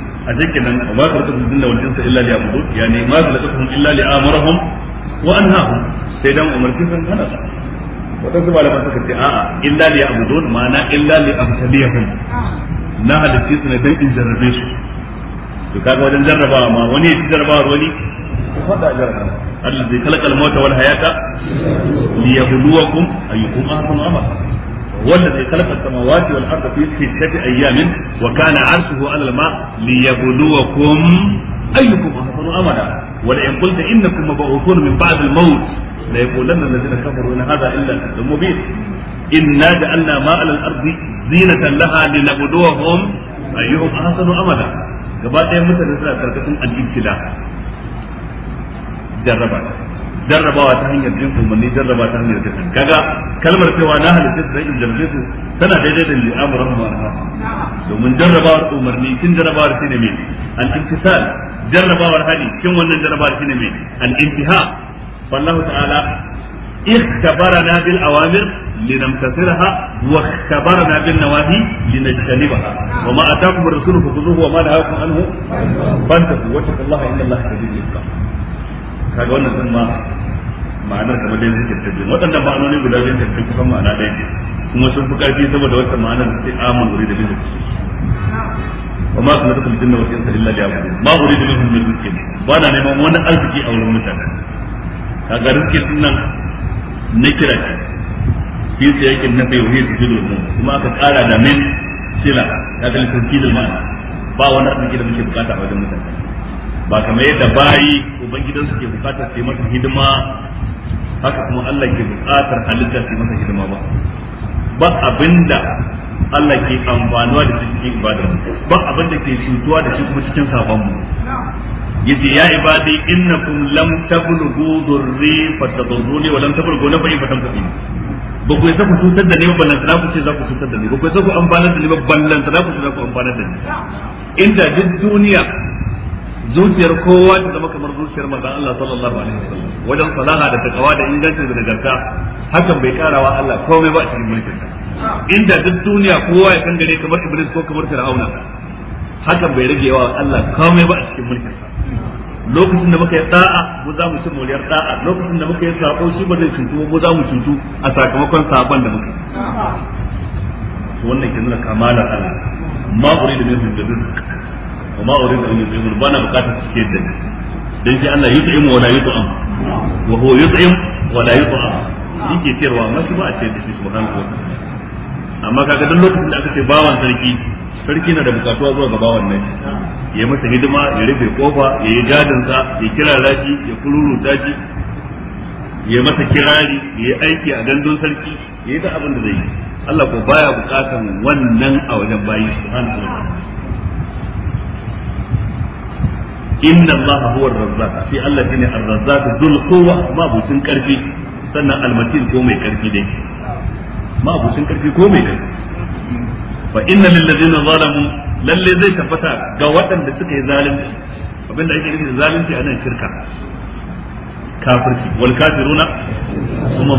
a jikin nan ba ka rika dinna wal jinsa illa li abudu yani ma ka rika illa li amarahum wa anhahum sai dan umarci sun hana su wadansu malaman suka ce a'a illa li abudu ma'ana illa li abtaliyahum na halitta su ne dan in jarrabe su to kaga wajen jarrabawa ma wani ya jarrabawa wani ya fada jarrabawa Allah zai kalakal mota wal hayata liyabluwakum ayyukum ahsanu amala والذي خلق السماوات والارض في ستة ايام وكان عرشه على الماء ليبلوكم ايكم احسن املا ولئن قلت انكم مبعوثون من بعد الموت ليقولن الذين كفروا ان هذا الا سحر مبين انا جعلنا ماء الارض زينة لها لنبلوهم ايهم احسن املا gaba ɗaya mutane suna karkashin al'ibtila jarraba jarrabawa ta hanyar jin umarni jarraba ta hanyar kasan kaga kalmar cewa na halitta da in jarrabe su tana daidai da li'amur rahmu arhama domin jarrabawar umarni kin jarrabawar shine mai an intisal jarrabawar hali kin wannan jarrabawar shine mai al intiha wallahu ta'ala ikhtabarana bil awamir linamtasirha wa ikhtabarana bin nawahi linajtanibaha wa ma atakum ar-rasulu fakhudhuhu wa ma nahakum anhu fantahu wa taqullaha inna allaha shadidul iqab kaga wannan din ma ma'anar kamar da zikir ta jin waɗannan ma'anoni guda biyu ta cikin kusan ma'ana ɗaya ne kuma sun fi ƙarfi saboda wata ma'anar da sai amin wuri da biyu da kusa wa ma kuma tukul jinna wasu kinsa illa da abudu ma wuri da biyu da kusa ba na neman wani arziki a wurin mutane kaga rizki din nan na kira ce fi sai yakin na bai wuri da biyu da kuma aka ƙara da min sila ta lisan kidal ma'ana ba wani arziki da muke bukata a wajen mutane ba kamar yadda bayi ubangidan su ke bukatar su masa hidima haka kuma Allah ke bukatar halitta su masa hidima ba ba abinda Allah ke amfanuwa da cikin ibadar ba abinda ke cutuwa da shi kuma cikin sabon mu yace ya ibadi innakum lam tablughu dhurri fatadurruni wa lam tablughu nafi fatamtani ba ku yasa ku cutar da ni ba ballan ku ce za ku cutar da ni ba ku yasa ku amfanar da ni ba ballan ku ce za ku amfanar da ni inda duk duniya zuciyar kowa ta zama kamar zuciyar manzon Allah sallallahu alaihi wasallam wajen salaha da takawa da ingancin da nagarta hakan bai karawa Allah komai ba a cikin mulkin sa inda duk duniya kowa ya kanga gare kamar Iblis ko kamar Fir'auna hakan bai rage wa Allah komai ba a cikin mulkin sa lokacin da muka yi da'a mu za mu ci moriyar da'a lokacin da muka yi sako shi ba zai cutu mu za mu cutu a sakamakon sabon da muka wannan ke nuna kamalar Allah ma da mai rizq وما أريد أن يطعم البانا بقاتل تشكير دنيا دنيا الله يطعم ولا يطعم وهو يطعم ولا يطعم yake cewa masu ba a ce da shi subhanahu wa amma kaga duk lokacin da aka ce bawan sarki sarki na da bukatuwa zuwa ga bawan nan ya masa hidima ya rufe kofa ya yi gadin sa ya kira rashi ya kururuta shi ya masa kirari ya yi aiki a gandun sarki ya yi ta abin da zai yi Allah ko baya bukatan wannan a wajen bayi subhanahu wa inna allaha huwa ar-razzaq sai Allah shine ar-razzaq dul quwwa mabucin karfi sannan al-matin ko dai mabucin karfi ko mai karfi fa inna lil ladina zalamu lalle zai tabbata ga waɗanda suka yi zalunci abinda ake nufi da zalunci anan shirka kafirci wal kafiruna kuma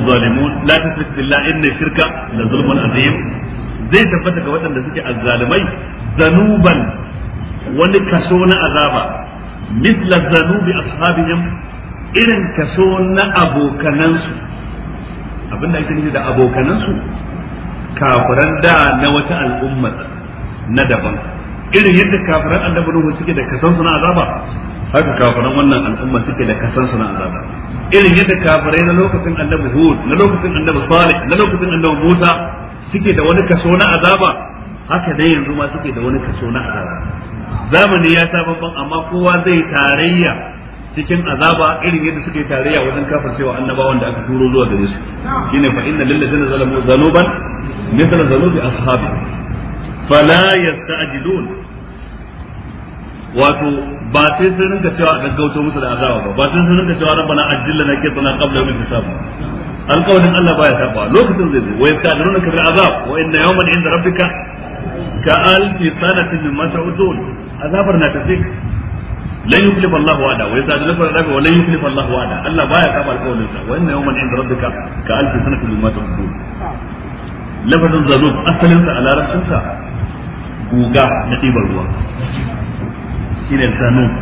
shirka zai tabbata ga waɗanda suke azzalimai zanuban wani kaso na azaba misla zanubi ashabihim irin kaso na abokanansu abinda ake nufi da abokanansu kafiran da na wata al'umma na daban irin yadda kafiran annabi Nuhu suke da kasan na azaba haka kafiran wannan al'umma suke da kasan na azaba irin yadda kafirai na lokacin annabi Hud na lokacin annabi Salih na lokacin annabi Musa suke da wani kaso na azaba haka dai yanzu ma suke da wani kaso na azaba zamani ya ta babban amma kowa zai tarayya cikin azaba irin yadda suke tarayya wajen kafircewa annabawan da aka turo zuwa gare su shine fa inna lil ladina zalamu zanuban mithla zanubi ashabi fala yasta'jilun wato ba sai sun rinka cewa a gaggauto musu da azaba ba ba sai sun rinka cewa rabbana ajilla ajjilna kitana qabla min hisab alqawlin Allah baya saba lokacin zai zo wai yasta'jiluna kabil azab wa inna yawman inda rabbika ka alfi sanatin min ta'udun azabar na tafi lan yuklifa Allah wa'ada wa yasa da fara wa lan yuklifa Allah wa'ada Allah baya kama alƙawarin sa wa inna yawman inda rabbika ka alfi sanatin mimma ta'udun lafazin zanub asalin sa a larabcin sa guga na ɗibar ruwa shine zanub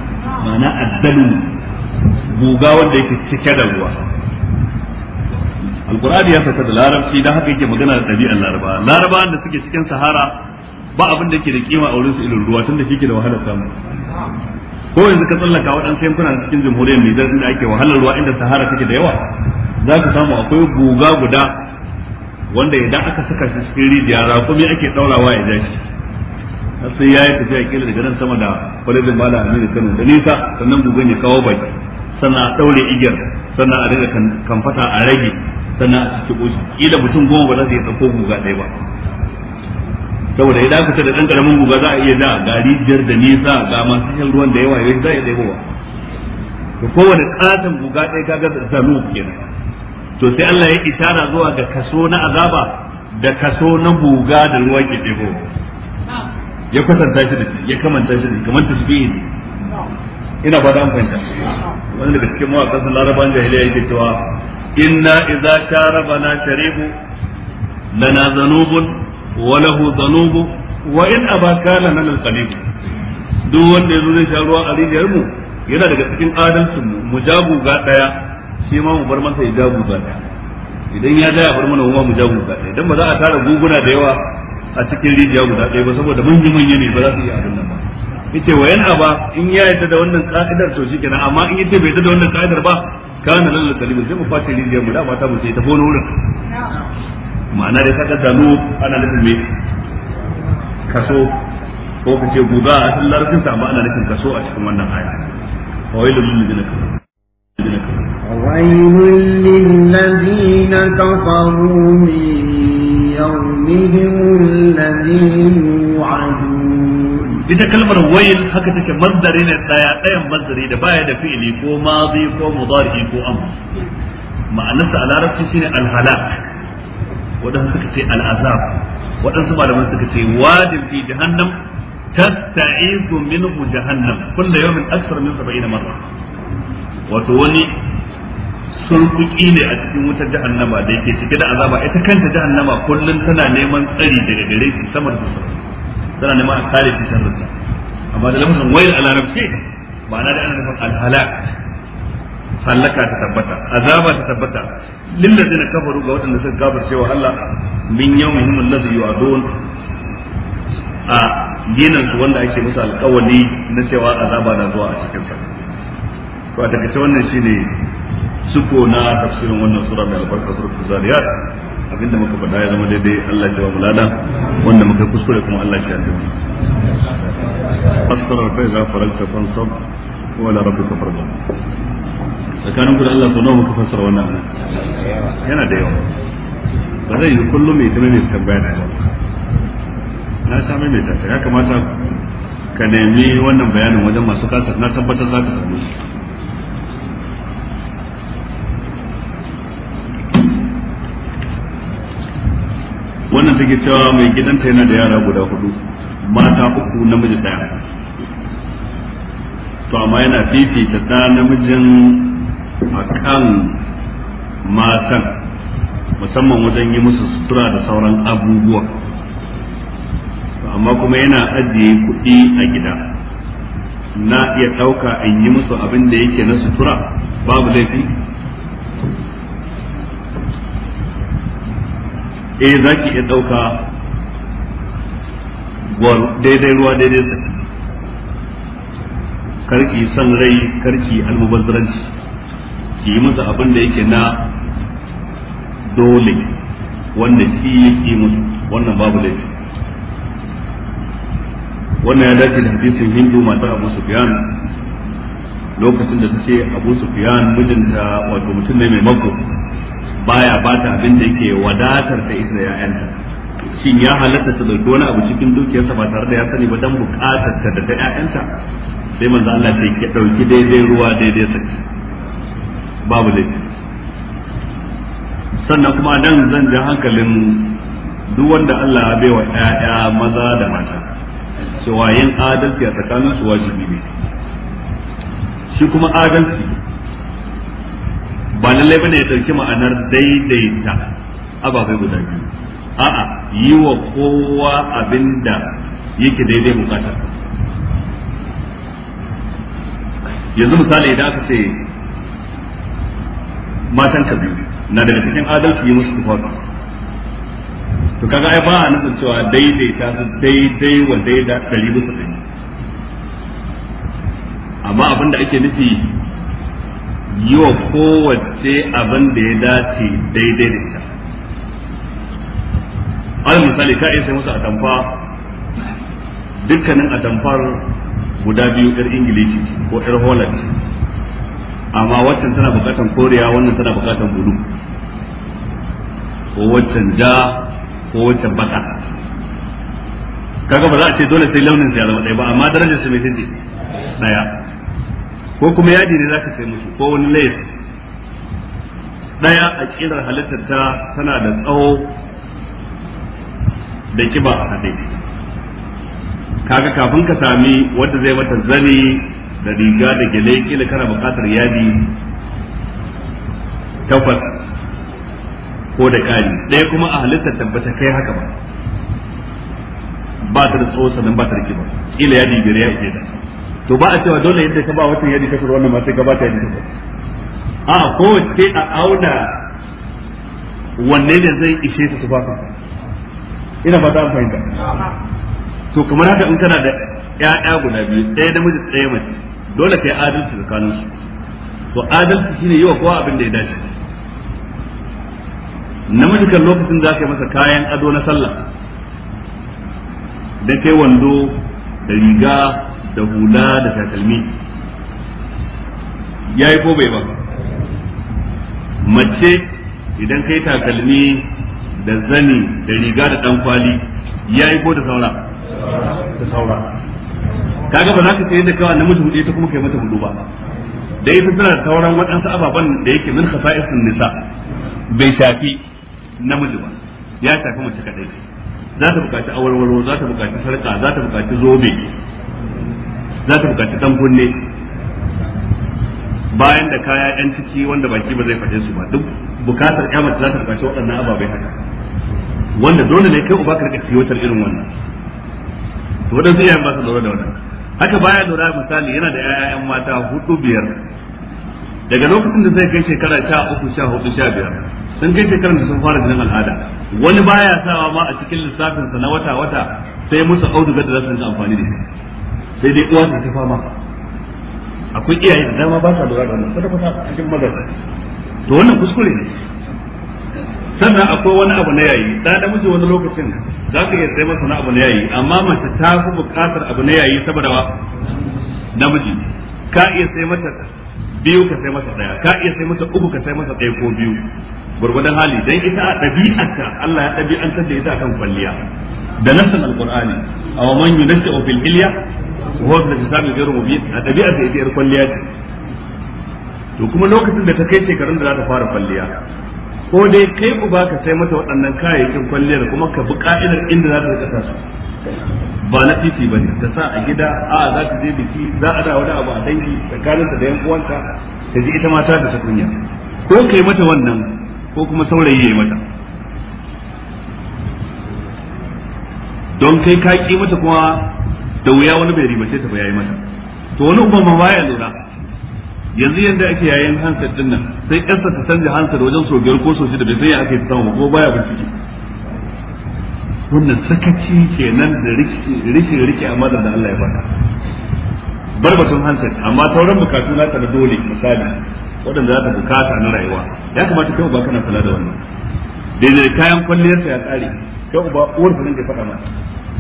ma'ana addalu guga wanda yake cike da ruwa alqur'ani ya fata da larabci dan haka yake magana da dabi'an laraba Laraba da suke cikin sahara ba abin da ke da kima a wurin su irin ruwa tunda ke da wahalar samu ko yanzu ka tsallaka waɗansu yankunan cikin jamhuriyar Nijar inda ake wahalar ruwa inda Sahara take da yawa za ka samu akwai guga guda wanda idan aka saka shi cikin rijiya me ake daurawa ya ja shi sai ya yi tafiya kila daga nan sama da kwalejin bala aminu kano da nisa sannan gugan ya kawo baki sannan a ɗaure igiyar sannan a daga kamfata a rage sannan a cikin ƙoshi kila mutum goma ba za su iya ɗauko guga ɗaya ba saboda idan aka da dan karamin guga za a iya da ga rijiyar da nisa ga masu shan ruwan da yawa yayin za a iya ɗebowa to kowane katon guga ɗaya kaga da zanu kenan to sai Allah ya isara zuwa ga kaso na azaba da kaso na guga da ruwa ke ɗebowa ya kwatanta shi da shi ya kamanta shi da shi kamar tasbihi ne ina ba da amfani wanda daga cikin mawaƙan sun laraban jahiliya yake cewa inna idza sharabana sharibu lana zanubun وله ذنوب وان ابا كان من القليل duk wanda ya zo zai sha ruwa a rijiyar mu yana daga cikin adalcin mu mu jagu ga daya shi ma mu bar masa ya jagu ga daya idan ya daya bar mana kuma mu jagu ga daya dan ba za a tara guguna da yawa a cikin rijiya guda daya ba saboda manya manya ne ba za su iya abin nan ba yace wa yan aba in ya yarda da wannan ka'idar to shikenan amma in yace bai yarda da wannan ka'idar ba kana lalla kalimin sai mu face rijiyar mu da mata mu sai ta bono wurin ma'ana da kaga dalu ana nufin me kaso ko ka ce guga a cikin larabcin ta amma ana nufin kaso a cikin wannan aya wailul lil ladina kafaru wailul lil ladina kafaru min yawmihim alladhi yu'adun ita kalmar wail haka take mazdari ne daya dayan mazdari da baya da fi'ili ko madi ko mudari ko amr ma'anarsa a larabci shine alhalak waɗansu suka ce al'azab waɗansu malaman suka ce wajin fi jahannam tasta'izu minhu jahannam kullu yawmin aksar min 70 marra wato wani surkuki ne a cikin wutar jahannama da yake cike da azaba ita kanta jahannama kullum tana neman tsari daga gare shi sama da kusa tana neman a kare shi sharrinta amma da lafazin wayl ala nafsi ma'ana da ana nufin al-halak hallaka ta tabbata azaba ta tabbata lillazina kafaru ga waɗanda suka gafarce wa Allah min yawmihim allazi yu'adun a yinan su wanda ake musu alƙawali na cewa azaba na zuwa a cikin sa to a takaice wannan shine suko na tafsirin wannan sura mai albarka suratul zariyat abinda muka faɗa ya zama daidai Allah ya ba mu lada wanda muka kuskure kuma Allah ya yarda asrar fa iza faralta fansab wa la rabbika farghab tsakanin kudin Allah sau nawa muka fassara wannan anan yana da yawa ba zai yi kullum mai tuna mai tambaya da yawa na sha mai mai tafiya ya kamata ka nemi wannan bayanin wajen masu kasar na tabbatar za ka samu shi wannan take cewa mai gidanta yana da yara guda hudu mata uku namiji daya to amma yana fifita ta namijin akan matan musamman wajen yi musu sutura da sauran abubuwa amma kuma yana ajiye kuɗi a gida na iya ɗauka in yi musu abin da yake na sutura babu laifi eh za ki iya ɗauka daidai ruwa daidai tsaki karki son rai karki almubazzaranci yi musu abin da yake na dole wanda shi yake musu wannan babu laifi wannan ya dace da hadisin hindu matar abu sufyan lokacin da ta ce abu sufyan mijinta wato mutum ne mai mako baya ba ta abin da yake wadatar ta isa da 'ya'yanta shin ya halatta ta dauki wani abu cikin dukiyarsa ba tare da ya sani ba dan bukatar ta da ta 'ya'yanta sai manzo Allah ya dauki daidai ruwa daidai saki babu laifi sannan kuma nan zan ji hankalin duk wanda Allah ya baiwa ƴaƴa maza da mata cewa yin adalci a tsakanin su wajibi ne shi kuma adalci ba lallai bane ya dauki ma'anar daidaita ababai guda biyu a'a yi wa kowa abinda yake daidai bukata yanzu misali idan aka ce matan ka biyu na daga cikin adalci yi musu tufafi to kaga ai ba a nufin cewa daidaita su daidai wa daida dari bisa ɗari amma abin da ake nufi yi wa kowace abin da ya dace daidai da ita alal misali ka iya sai musu atamfa dukkanin atamfar guda biyu yar ingilishi ko yar holland amma waccan tana bukatan koriya wannan tana bukatan bulu ko waccan ja ko waccan baka kaga ba za a ce dole sai launin ya zama ɗaya ba amma darajar su mai tinde ɗaya ko kuma yadi ne zaka sai musu ko wani layer ɗaya a kirar halittar ta tana da tsawo da kiba a haɗe kaga kafin ka sami wanda zai mata zani da riga da gele kila kana bukatar yadi takwas ko da kari ɗaya kuma a halittar tabbata kai haka ba ba ta da tsawo sannan ba ta da kila yadi biyar ya ije da to ba a cewa dole yadda ka ba wata yadi takwas wannan ma sai ka ba ta yadi takwas a kowace a auna wanne ne zai ishe ta tufafin ina ba ta fahimta to kamar haka in kana da ƴaƴa guda biyu ɗaya da miji ɗaya mace dole yi adalci tsakanin su to adalci shine yi wa kowa abin da ya dace namiji kan lokacin za ka yi masa kayan ado na sallah da kai wando da riga da hula da takalmi ya yi ko bai ba mace idan kai takalmi da zani da riga da dan kwali ya yi ko da da saura kaga ba za ka sayar da kawa namiji hudu ita kuma kai mata hudu ba da ita tana sauran waɗansu ababen da yake min khasa'isun nisa bai shafi namiji ba ya shafi mace kadai za ta bukaci awarwaro za ta bukaci sarka za ta bukaci zobe za ta bukaci dan bayan da kaya yan ciki wanda baki ba zai faɗe su ba duk bukatar ya mace za ta bukaci waɗannan ababai haka wanda dole ne kai uba ka rika irin wannan to wadansu iyayen ba su lura da wannan haka baya lura misali yana da 'ya'yan mata hudu biyar daga lokacin da zai kai shekara sha uku sha hudu sha biyar sun kai shekarar da sun fara jinin al'ada wani baya sawa ma a cikin lissafinsa na wata wata sai musu auduga da za su amfani da shi sai dai uwa ta fama akwai iyaye da dama ba sa lura da wannan sadaka ta cikin magana to wannan kuskure ne sannan akwai wani abu na yayi da namiji wani lokacin za ka iya sai masa na abu na yayi amma mace ta fi bukatar abu na yayi saboda wa namiji ka iya sai mata biyu ka sai masa daya ka iya sai mata uku ka sai masa daya ko biyu gurgudan hali dan ita a dabi'arta Allah ya dabi'antar da ita kan kwalliya da nassan alqur'ani aw man yunashu fil ilya wa huwa fi sabil ghayr mubin a dabi'ar da ita yar kwalliya ce to kuma lokacin da ta kai shekarun da za ta fara kwalliya ko dai kai uba ka sai mata waɗannan kayayyakin kwalliyar kuma ka bi ka'idar inda za ta kasa su ba na titi ba ne ta sa a gida a za ta je biki za a da wani abu a dangi tsakaninta da yan uwanta ta ji ita mata da ta kunya ko kai mata wannan ko kuma saurayi ya yi mata don kai ka ki mata kuma da wuya wani bai ribace ta ba yayi mata to wani uban ma baya lura yanzu yanda ake yayin hansar din nan sai ƙasa ta canja hansar wajen so biyar ko so shida bai sai ake samu ko baya bincike wannan sakaci ke nan da rikin a amma da Allah ya baka barbatun hansar amma sauran bukatu na na dole misali waɗanda za ta bukata na rayuwa ya kamata kai uba kana kula da wannan daidai kayan kwalliyarsa ya tsare kai uba uwar ta rinka faɗa ma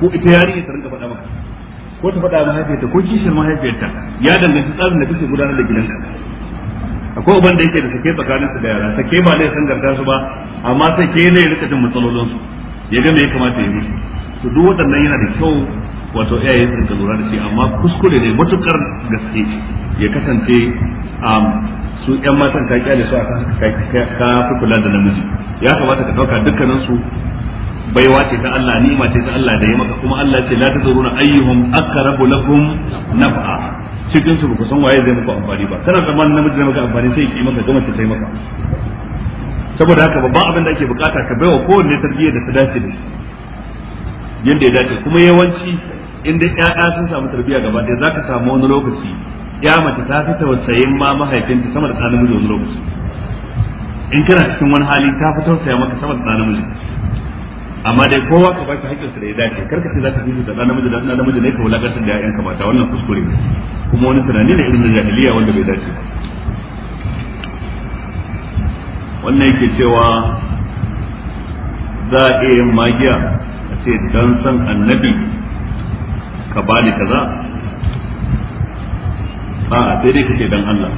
ko ita yari ta rinka faɗa ma. ko ta faɗa mahaifiyarta ko kishin mahaifiyarta ya danganci tsarin da kake gudanar da gidanka akwai uban da yake da sake su da yara sake ba zai san garga su ba amma sake zai rika jin su ya ga me ya kamata ya musu to duk waɗannan yana da kyau wato iyaye su rika lura da shi amma kuskure ne matukar gaske ya kasance um, su yan matan ka kyale su akan ka fi kula da namiji ya kamata ka ɗauka dukkaninsu baiwa ce ta Allah nima ce ta Allah da ya maka kuma Allah ce la tazuruna ayyuhum aqrabu lakum naf'a cikin su ku san waye zai muku amfani ba kana zaman namiji zai maka amfani sai ki maka gama sai maka saboda haka babban abin da ake bukata ka baiwa kowanne tarbiyyar da ta dace da shi yanda ya dace kuma yawanci inda ƴaƴa sun samu tarbiyya gaba ɗaya zaka samu wani lokaci ya mace ta fi tausayin ma mahaifinta sama da ɗan namiji wani lokaci in kana cikin wani hali ta fi sai maka sama da ɗan namiji amma dai kowa ka baki hakkin da ya dace karka ce za ka fi da namiji da namiji ne ka wulakantar da ƴaƴanka mata wannan kuskure ne kuma wani tunani ne irin da jahiliya wanda bai dace ba wannan yake cewa za a iya yin magiya a ce dan san annabi ka bani kaza a'a sai dai ce dan Allah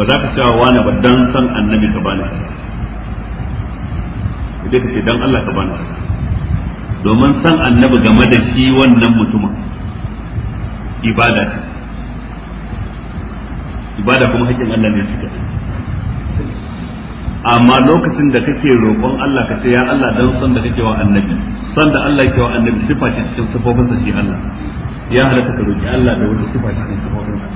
ba za ka cewa wani ba dan san annabi ka bani kaza sai ka ce dan Allah ka bani domin san annabi game da shi wannan mutumin ibada ce ibada kuma hakkin Allah ne shi amma lokacin da kake roƙon Allah ka ce ya Allah dan san da kake wa annabi san da Allah yake wa annabi sifa ce cikin sifofin sa shi Allah ya halatta ka roƙi Allah da wata sifa cikin sifofin sa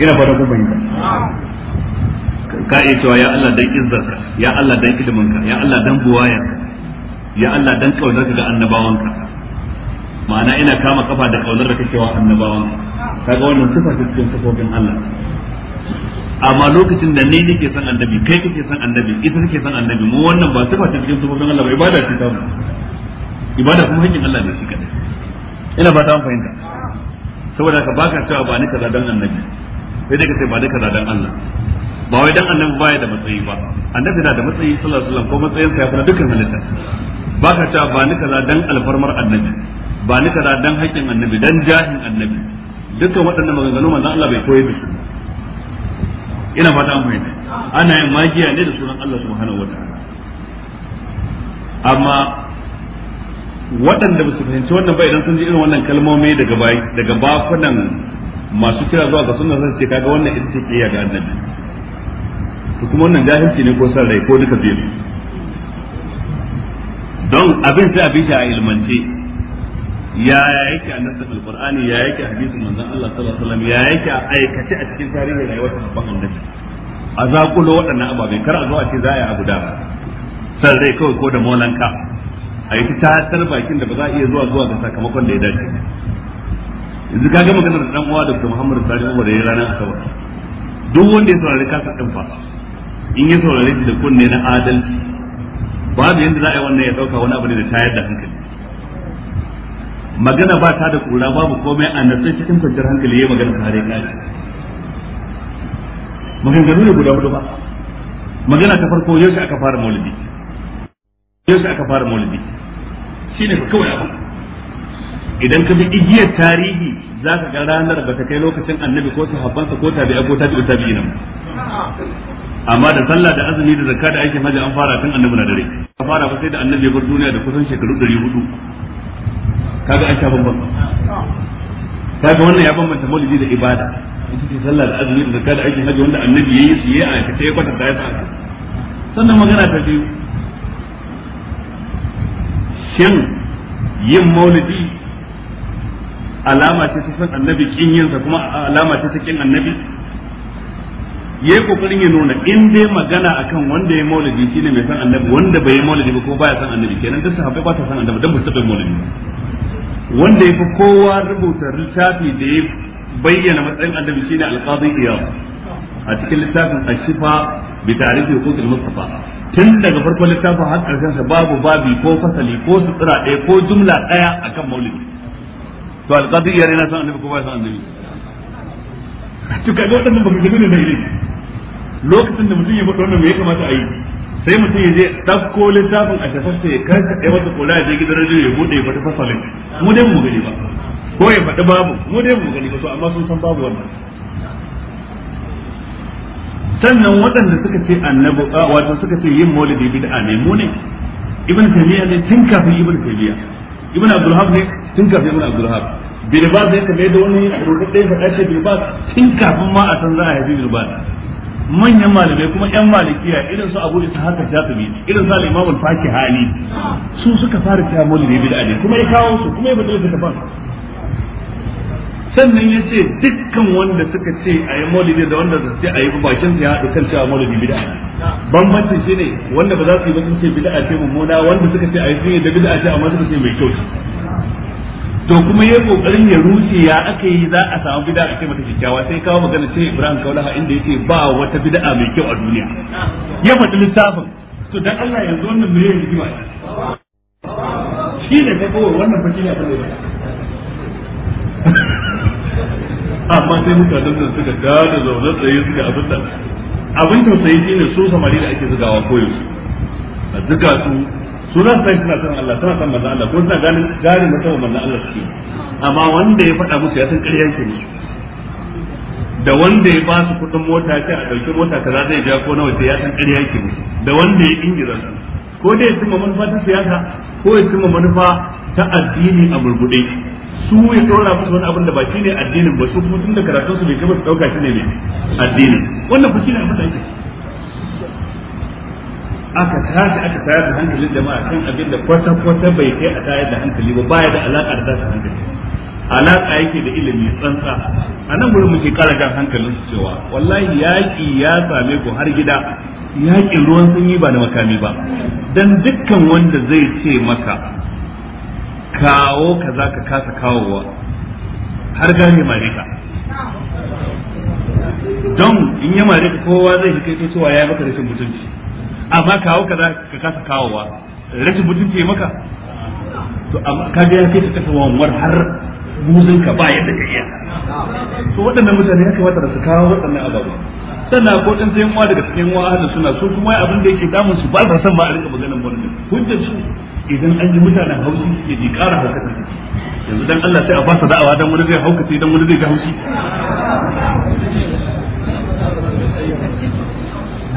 ina fara kuma yin ka iya cewa ya Allah dan izzarka ya Allah dan iliminka ya Allah dan buwayarka, ya Allah dan kaunarka ga annabawanka ma'ana ina kama kafa da kaunar da kake wa annabawanka kaga wannan sifa ce cikin sifofin Allah amma lokacin da ni nake son annabi kai kake son annabi ita kake son annabi mu wannan ba sifa ce cikin sifofin Allah ba ibada ce ta mu ibada kuma hakkin Allah ne shi kadai ina ba ta fahimta saboda ka baka cewa ba ni kaza dan annabi sai dai ka ce ba ni kaza dan Allah ba wai dan annabi baya da matsayi ba annabi na da matsayi sallallahu alaihi wasallam ko matsayin sa ya fara dukkan halitta ba ka ta ba ni kaza dan alfarmar annabi ba ni kaza dan haƙin annabi dan jahin annabi dukkan waɗannan maganganu manzon Allah bai koyar da su ina fata an fahimta ana yin magiya ne da sunan Allah subhanahu wataala amma waɗanda ba su fahimci wannan ba idan sun ji irin wannan kalmomi daga daga bakunan masu kira zuwa ga sunan sai kaga wannan ita ce kiyaya ga annabi to kuma wannan jahilci ne ko san rai ko duka biyu don abin sai abin shi a ilmance ya yake a nasar alqur'ani ya yake a manzon Allah sallallahu alaihi wasallam ya yake a aikace a cikin tarihin rayuwar sahabban annabi a zakulo waɗannan ababe kar a zo a ce za a yi abu da san rai kawai ko da molanka a yi ta tar bakin da ba za a iya zuwa zuwa ga sakamakon da ya dace yanzu ka ga maganar dan uwa Dr. Muhammad Sani Umar da ya ranar Asabar duk wanda ya saurari kasar din fa in ya saurare shi da kunne na adalci babu yadda za a yi wannan ya dauka wani abu ne da tayar da hankali magana ba ta da kura babu komai a nasar cikin kwanciyar hankali ya yi magana ta harin kai maganganu ne guda hudu ba magana ta farko yau aka fara maulidi yau aka fara maulidi Shi ne kawai abu idan ka bi igiyar tarihi za ka ga ranar ba ta kai lokacin annabi ko sahabbansa ko tabi'a ko tabi'u tabi'ina amma da sallah da azumi da zakka da aikin hajji an fara tun annabi na dare ka fara ba sai da annabi ya bar duniya da kusan shekaru 400 kaga an sha bamban kaga wannan ya bambanta maulidi da ibada ita ce sallah da azumi da zakka da aikin hajji wanda annabi yayi su yayi a kace ya kwatanta ya sa sannan magana ta biyu shin yin maulidi alama ce ta san annabi kin yin sa kuma alama ce ta kin annabi yi kokarin ya nuna in dai magana akan wanda ya maulidi shine mai san annabi wanda bai yi maulidi ba ko baya san annabi kenan duk sahabbai ba ta san annabi don ba su maulidi wanda ya fi kowa rubuta littafi da ya bayyana matsayin annabi shine alqadi iya. a cikin littafin ashifa bi tarihi huquqil mustafa tun daga farkon littafin har ƙarshen sa babu babi ko fasali ko sutura ɗaya ko jumla ɗaya akan maulidi to alqadi iya yana san annabi ko baya san annabi tukai ga wannan ba mu gani ne ne lokacin da mutum ya faɗi wannan ya kamata a yi sai mutum ya je ɗauko littafin a tafasta ya karka ɗaya wata kula ya je gidan rajo ya buɗe ya faɗi fasalin mu dai mu gani ba ko ya faɗi babu mu dai mu gani ba to amma sun san babu wannan sannan waɗanda suka ce annabi wato suka ce yin maulidi bid'a ne mu ne ibn taymiya ne tun kafin ibn taymiya ibn abdul hab ne tun kafin ibn abdul hab bin ne kamar yadda wani ɗaya faɗa ce bin tun kafin ma a san za a haifi bin manyan malamai kuma yan malikiya irin su abu isa haka shafi'i irin su al faki hali. fakihani su suka fara cewa ne bid'a ne kuma ya kawo su kuma ya bada da kafan sannan ya ce dukkan wanda suka ce a yi maulidi da wanda su ce a yi bakin su ya haɗu kan cewa maulidi bid'a bambanci shi ne wanda ba za su yi ba sun ce bid'a ce mummuna wanda suka ce a yi sun yi da bid'a ce amma suka ce mai kyau to kuma yayi kokarin ya rushe ya aka yi za a samu bid'a a ce mata kyakkyawa sai kawo magana ce Ibrahim Kaulaha inda yake ba wata bid'a mai kyau a duniya ya faɗi littafin to dan Allah yanzu wannan me yake rigima shi ne kowa wannan fashi ne abin amma sai mutanen nan suka dada zaune tsaye suka abin da abin tausayi shine su samari da ake zugawa koyaushe a zuga su sunan sai suna san Allah suna san manzon Allah ko suna ganin gari mutum manzon Allah suke amma wanda ya faɗa musu ya san ƙarya yake ne da wanda ya ba su kuɗin mota ta a ɗauki mota kaza zai ja ko nawa sai ya san ƙarya yake ne da wanda ya ingiza su ko dai cimma manufa ta siyasa ko ya cimma manufa ta addini a burbuɗe su ya ɗora musu wani abin da ba ne addinin ba su kuma tun da karatun su bai kai su ɗauka shi ne addini wannan fa shine abin da ake aka tashi aka tayar da hankalin jama'a kan abin da kwata kwata bai kai a tayar da hankali ba baya da alaƙa da tashin hankali alaka yake da ilimi tsantsa a nan gurin muke kara jan hankalin su cewa wallahi yaƙi ya same ku har gida yakin ruwan sanyi ba da makami ba dan dukkan wanda zai ce maka kawo ka za ka kasa kawowa har gane mare ka don in ya mare kowa zai kai cewa ya maka rashin mutunci amma kawo kaza ka kasa kawowa rashin mutunci ya maka to amma ka ga ya kai ta kasa wanwar har buzun ka ba yadda ka iya to waɗannan mutane ya kamata da su kawo waɗannan ababen sannan ko ɗan sayan wa daga cikin wa da suna su kuma abin da yake damun su ba sa san ba a rika maganar wani hujjar su idan an ji mutanen haushi ya ji ƙara haukar da yanzu dan Allah sai a fasa da'awa dan wani zai haukata dan wani zai ga haushi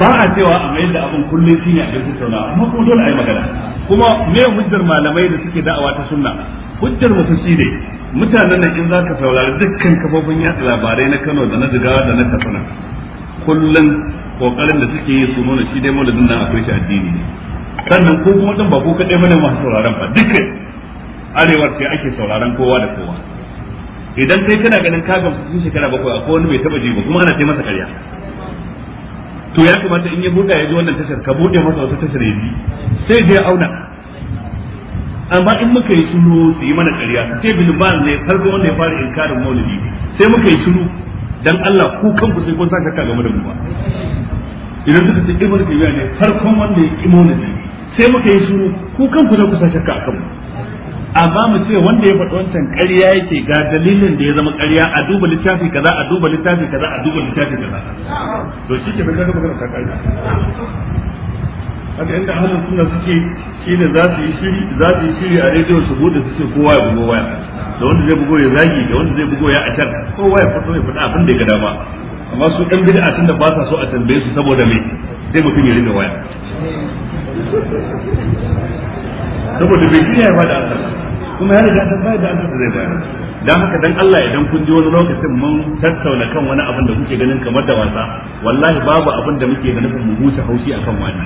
ba a cewa a mayar da abin kullum shine a cikin sauna amma kuma dole a yi magana kuma me hujjar malamai da suke da'awa ta sunna hujjar wasu ne mutanen nan in ka saurari dukkan kafofin yada labarai na Kano da na Jigawa da na Katsina kullum kokarin da suke yi su nuna shi dai maulidin nan akwai shi addini ne sannan ko kuma dan ba ko kadai bane masu sauraron ba dukkan arewar sai ake sauraron kowa da kowa idan kai kana ganin ka gamsu sun shekara bakwai akwai wani bai taba ji ba kuma ana ce masa karya to ya kamata in ya buɗa ya ji wannan tashar ka buɗe masa wata tashar ya sai je auna amma in muka yi shiru su yi mana ƙarya sai ba ne farko wanda ya fara inkarin maulidi sai muka yi shiru dan Allah ku kanku sai kun saka game da mu ba idan suka ce ibnu tayyiba ne farkon wanda ya ki maulidi sai muka yi shiru ku kanku sai ku saka akan amma mu ce wanda ya faɗi wancan ƙarya yake ga dalilin da ya zama ƙarya a duba littafi kaza a duba littafi kaza a duba littafi kaza to shi ke bayyana da magana ta ƙarya haka inda halin suna suke shine za su yi shiri za su yi shiri a rediyo su bude su ce kowa ya bugo waya da wanda zai bugo ya zagi da wanda zai bugo ya atar kowa ya fito ya faɗa abin da ya ga dama amma su ɗan bid'a tun da ba sa so a tambaye su saboda me sai mutum ya rinka waya saboda bai kiyaye ba da Allah kuma ya da bayar da Allah zai bayar dan haka dan Allah idan kun ji wani lokacin mun tattauna kan wani abin da kuke ganin kamar da wasa wallahi babu abin da muke ganin mu huce haushi akan wani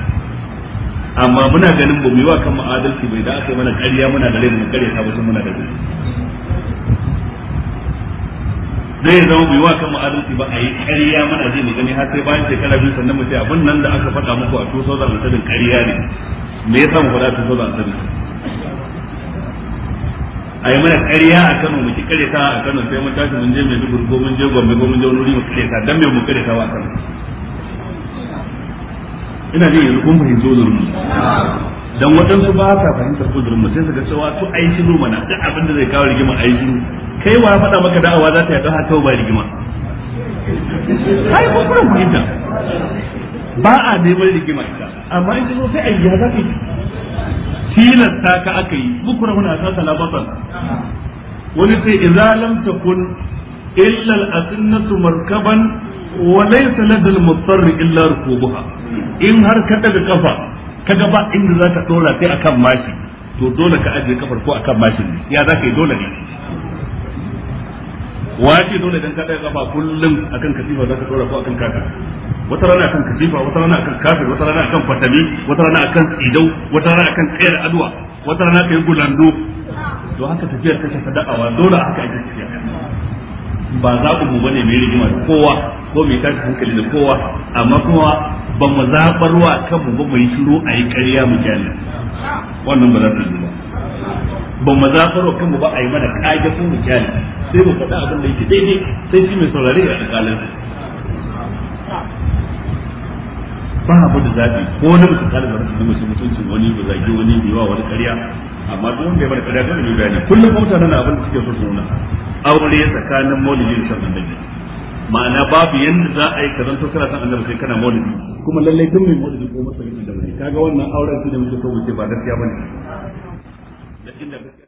amma muna ganin ba mu yi wa kan adalci bai da aka yi mana ƙarya muna da rai mu ƙarya ta mutum muna da rai zai zama yi wa kan adalci ba a yi ƙarya mana zai mu gani har sai bayan shekara biyu sannan mu ce abin nan da aka faɗa muku a 2007 ƙarya ne me yasa mu faɗa 2007 a yi mana ƙarya a Kano mu ki kare ta a Kano sai mun tashi mun je mai dubur ko mun je Gombe ko mun je wani mu kare ta dan me mu kare ta wa Kano ina jin yanzu kun fahimci mu dan waɗansu ba sa fahimtar uzurin mu sai su ga cewa to ai shiru mana duk abin da zai kawo rigima ai shiru kai wa faɗa maka da'awa za ta yi don haka ba rigima kai yi fahimta ba a neman rigima ita amma in zo sai a yi za ka yi tilasta ka aka yi bukura muna sasa labasan wani sai idza lam takun illa al-asinnatu markaban wa laysa ladal mutarri illa rukubuha in har ka daga kafa kaga ba inda za ka dora sai akan mashi to dole ka ajiye kafar ko akan mashin ne ya za ka yi dole ne wace dole dan ka ɗaya kafa kullum akan kasifa ka tsora ko akan kaka wata rana akan kasifa wata rana akan kafir wata rana akan fatami wata rana akan tsidau wata rana akan tsayar adwa wata rana yi gulando to haka tafiyar kake ta da'awa dole haka ake tafiya ba za ku mu bane mai rigima da kowa ko mai tashi hankali da kowa amma kuma ba mu kan kanmu ba mu yi shiru a yi ƙarya mu kyale wannan ba za ta yi ba ba mu zafarwa kanmu ba a yi mana kage sun misali sai mu faɗa abin da yake daidai sai shi mai saurare ya alƙalin ba a da zafi ko wani mutum kalin da rasu mutum mutuncin wani ba zagi wani bai wa wani ƙarya amma duk wanda ya bada ƙarya kan yi bayani kullum mutanen abin da suke so su nuna aure tsakanin maulidi da shan annabi ma'ana babu yanda za a yi ka zanto kana san annabi sai kana maulidi kuma lallai tun mai maulidi ko masa yin annabi kaga wannan auren su da muke so mu ce ba gaskiya bane 真的。